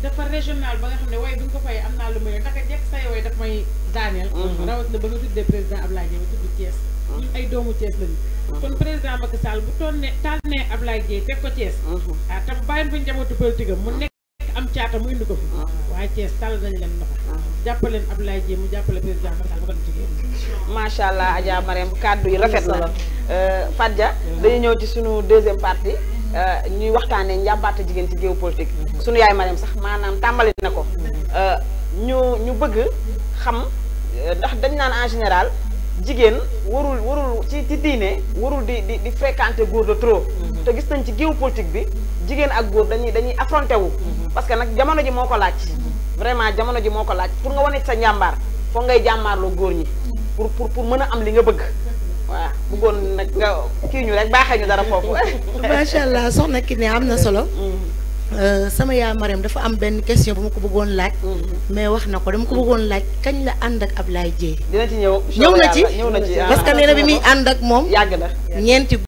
dafa régional ba nga xam ne waaye bu ñu ko fayee am naa lu muy naka jekk sa yooyu daf may daaneel. Mhm. rawat na ba nga tuddee président Ablaye Dieye ba tudd Thiès. Mhm. ñun ay doomu Thiès lañu. Mhm. kon président Macky Sall bu toon ne taal ne Ablaye Dieye teg ko Thiès. ah tam bàyyi fa njabootu politique am mu nekk am caata mu indi ko fi. waaye Thiès tàll nañ leen ndox. jàppaleen Ablaye Dieye mu jàppale président Macky Sall ba ko jigéen. macha allah Adja Marème kàddu yi rafet na la. Euh, Fadja dañu ñëw ci sunu deuxième Euh, ñuy waxtaanee njàmbaate jigéen ci géopolitique sunu yaay Mariam sax maanaam tàmbali na ko euh, ñu ñu bëgg xam euh, ndax dañ naan en général jigéen warul warul ci ci diine warul di di di fréquenter góor de trop. te gis nañ ci géopolitique bi jigéen ak góor dañuy dañuy affronté wu. parce que nag jamono ji moo ko laaj. vraiment jamono ji moo ko laaj pour nga wane sa njàmbaar foog ngay jàmmaarloo góor ñi pour pour pour mën a am li nga bëgg. waaw bëggoon nag nga kii ñu rek baaxee ñu dara foofu. macha allah soxna ki ne am na solo. Mm. Euh, sama yaa Mariam dafa am benn question bu ma ko bëggoon laaj. Mm. mais wax na ko dama ko bëggoon laaj kañ la ànd ak Ablaye Dieye. dina ci ñëw ñëw na ci ñëw na ci ah. parce bi muy ànd ak moom. yàgg na ñeenti.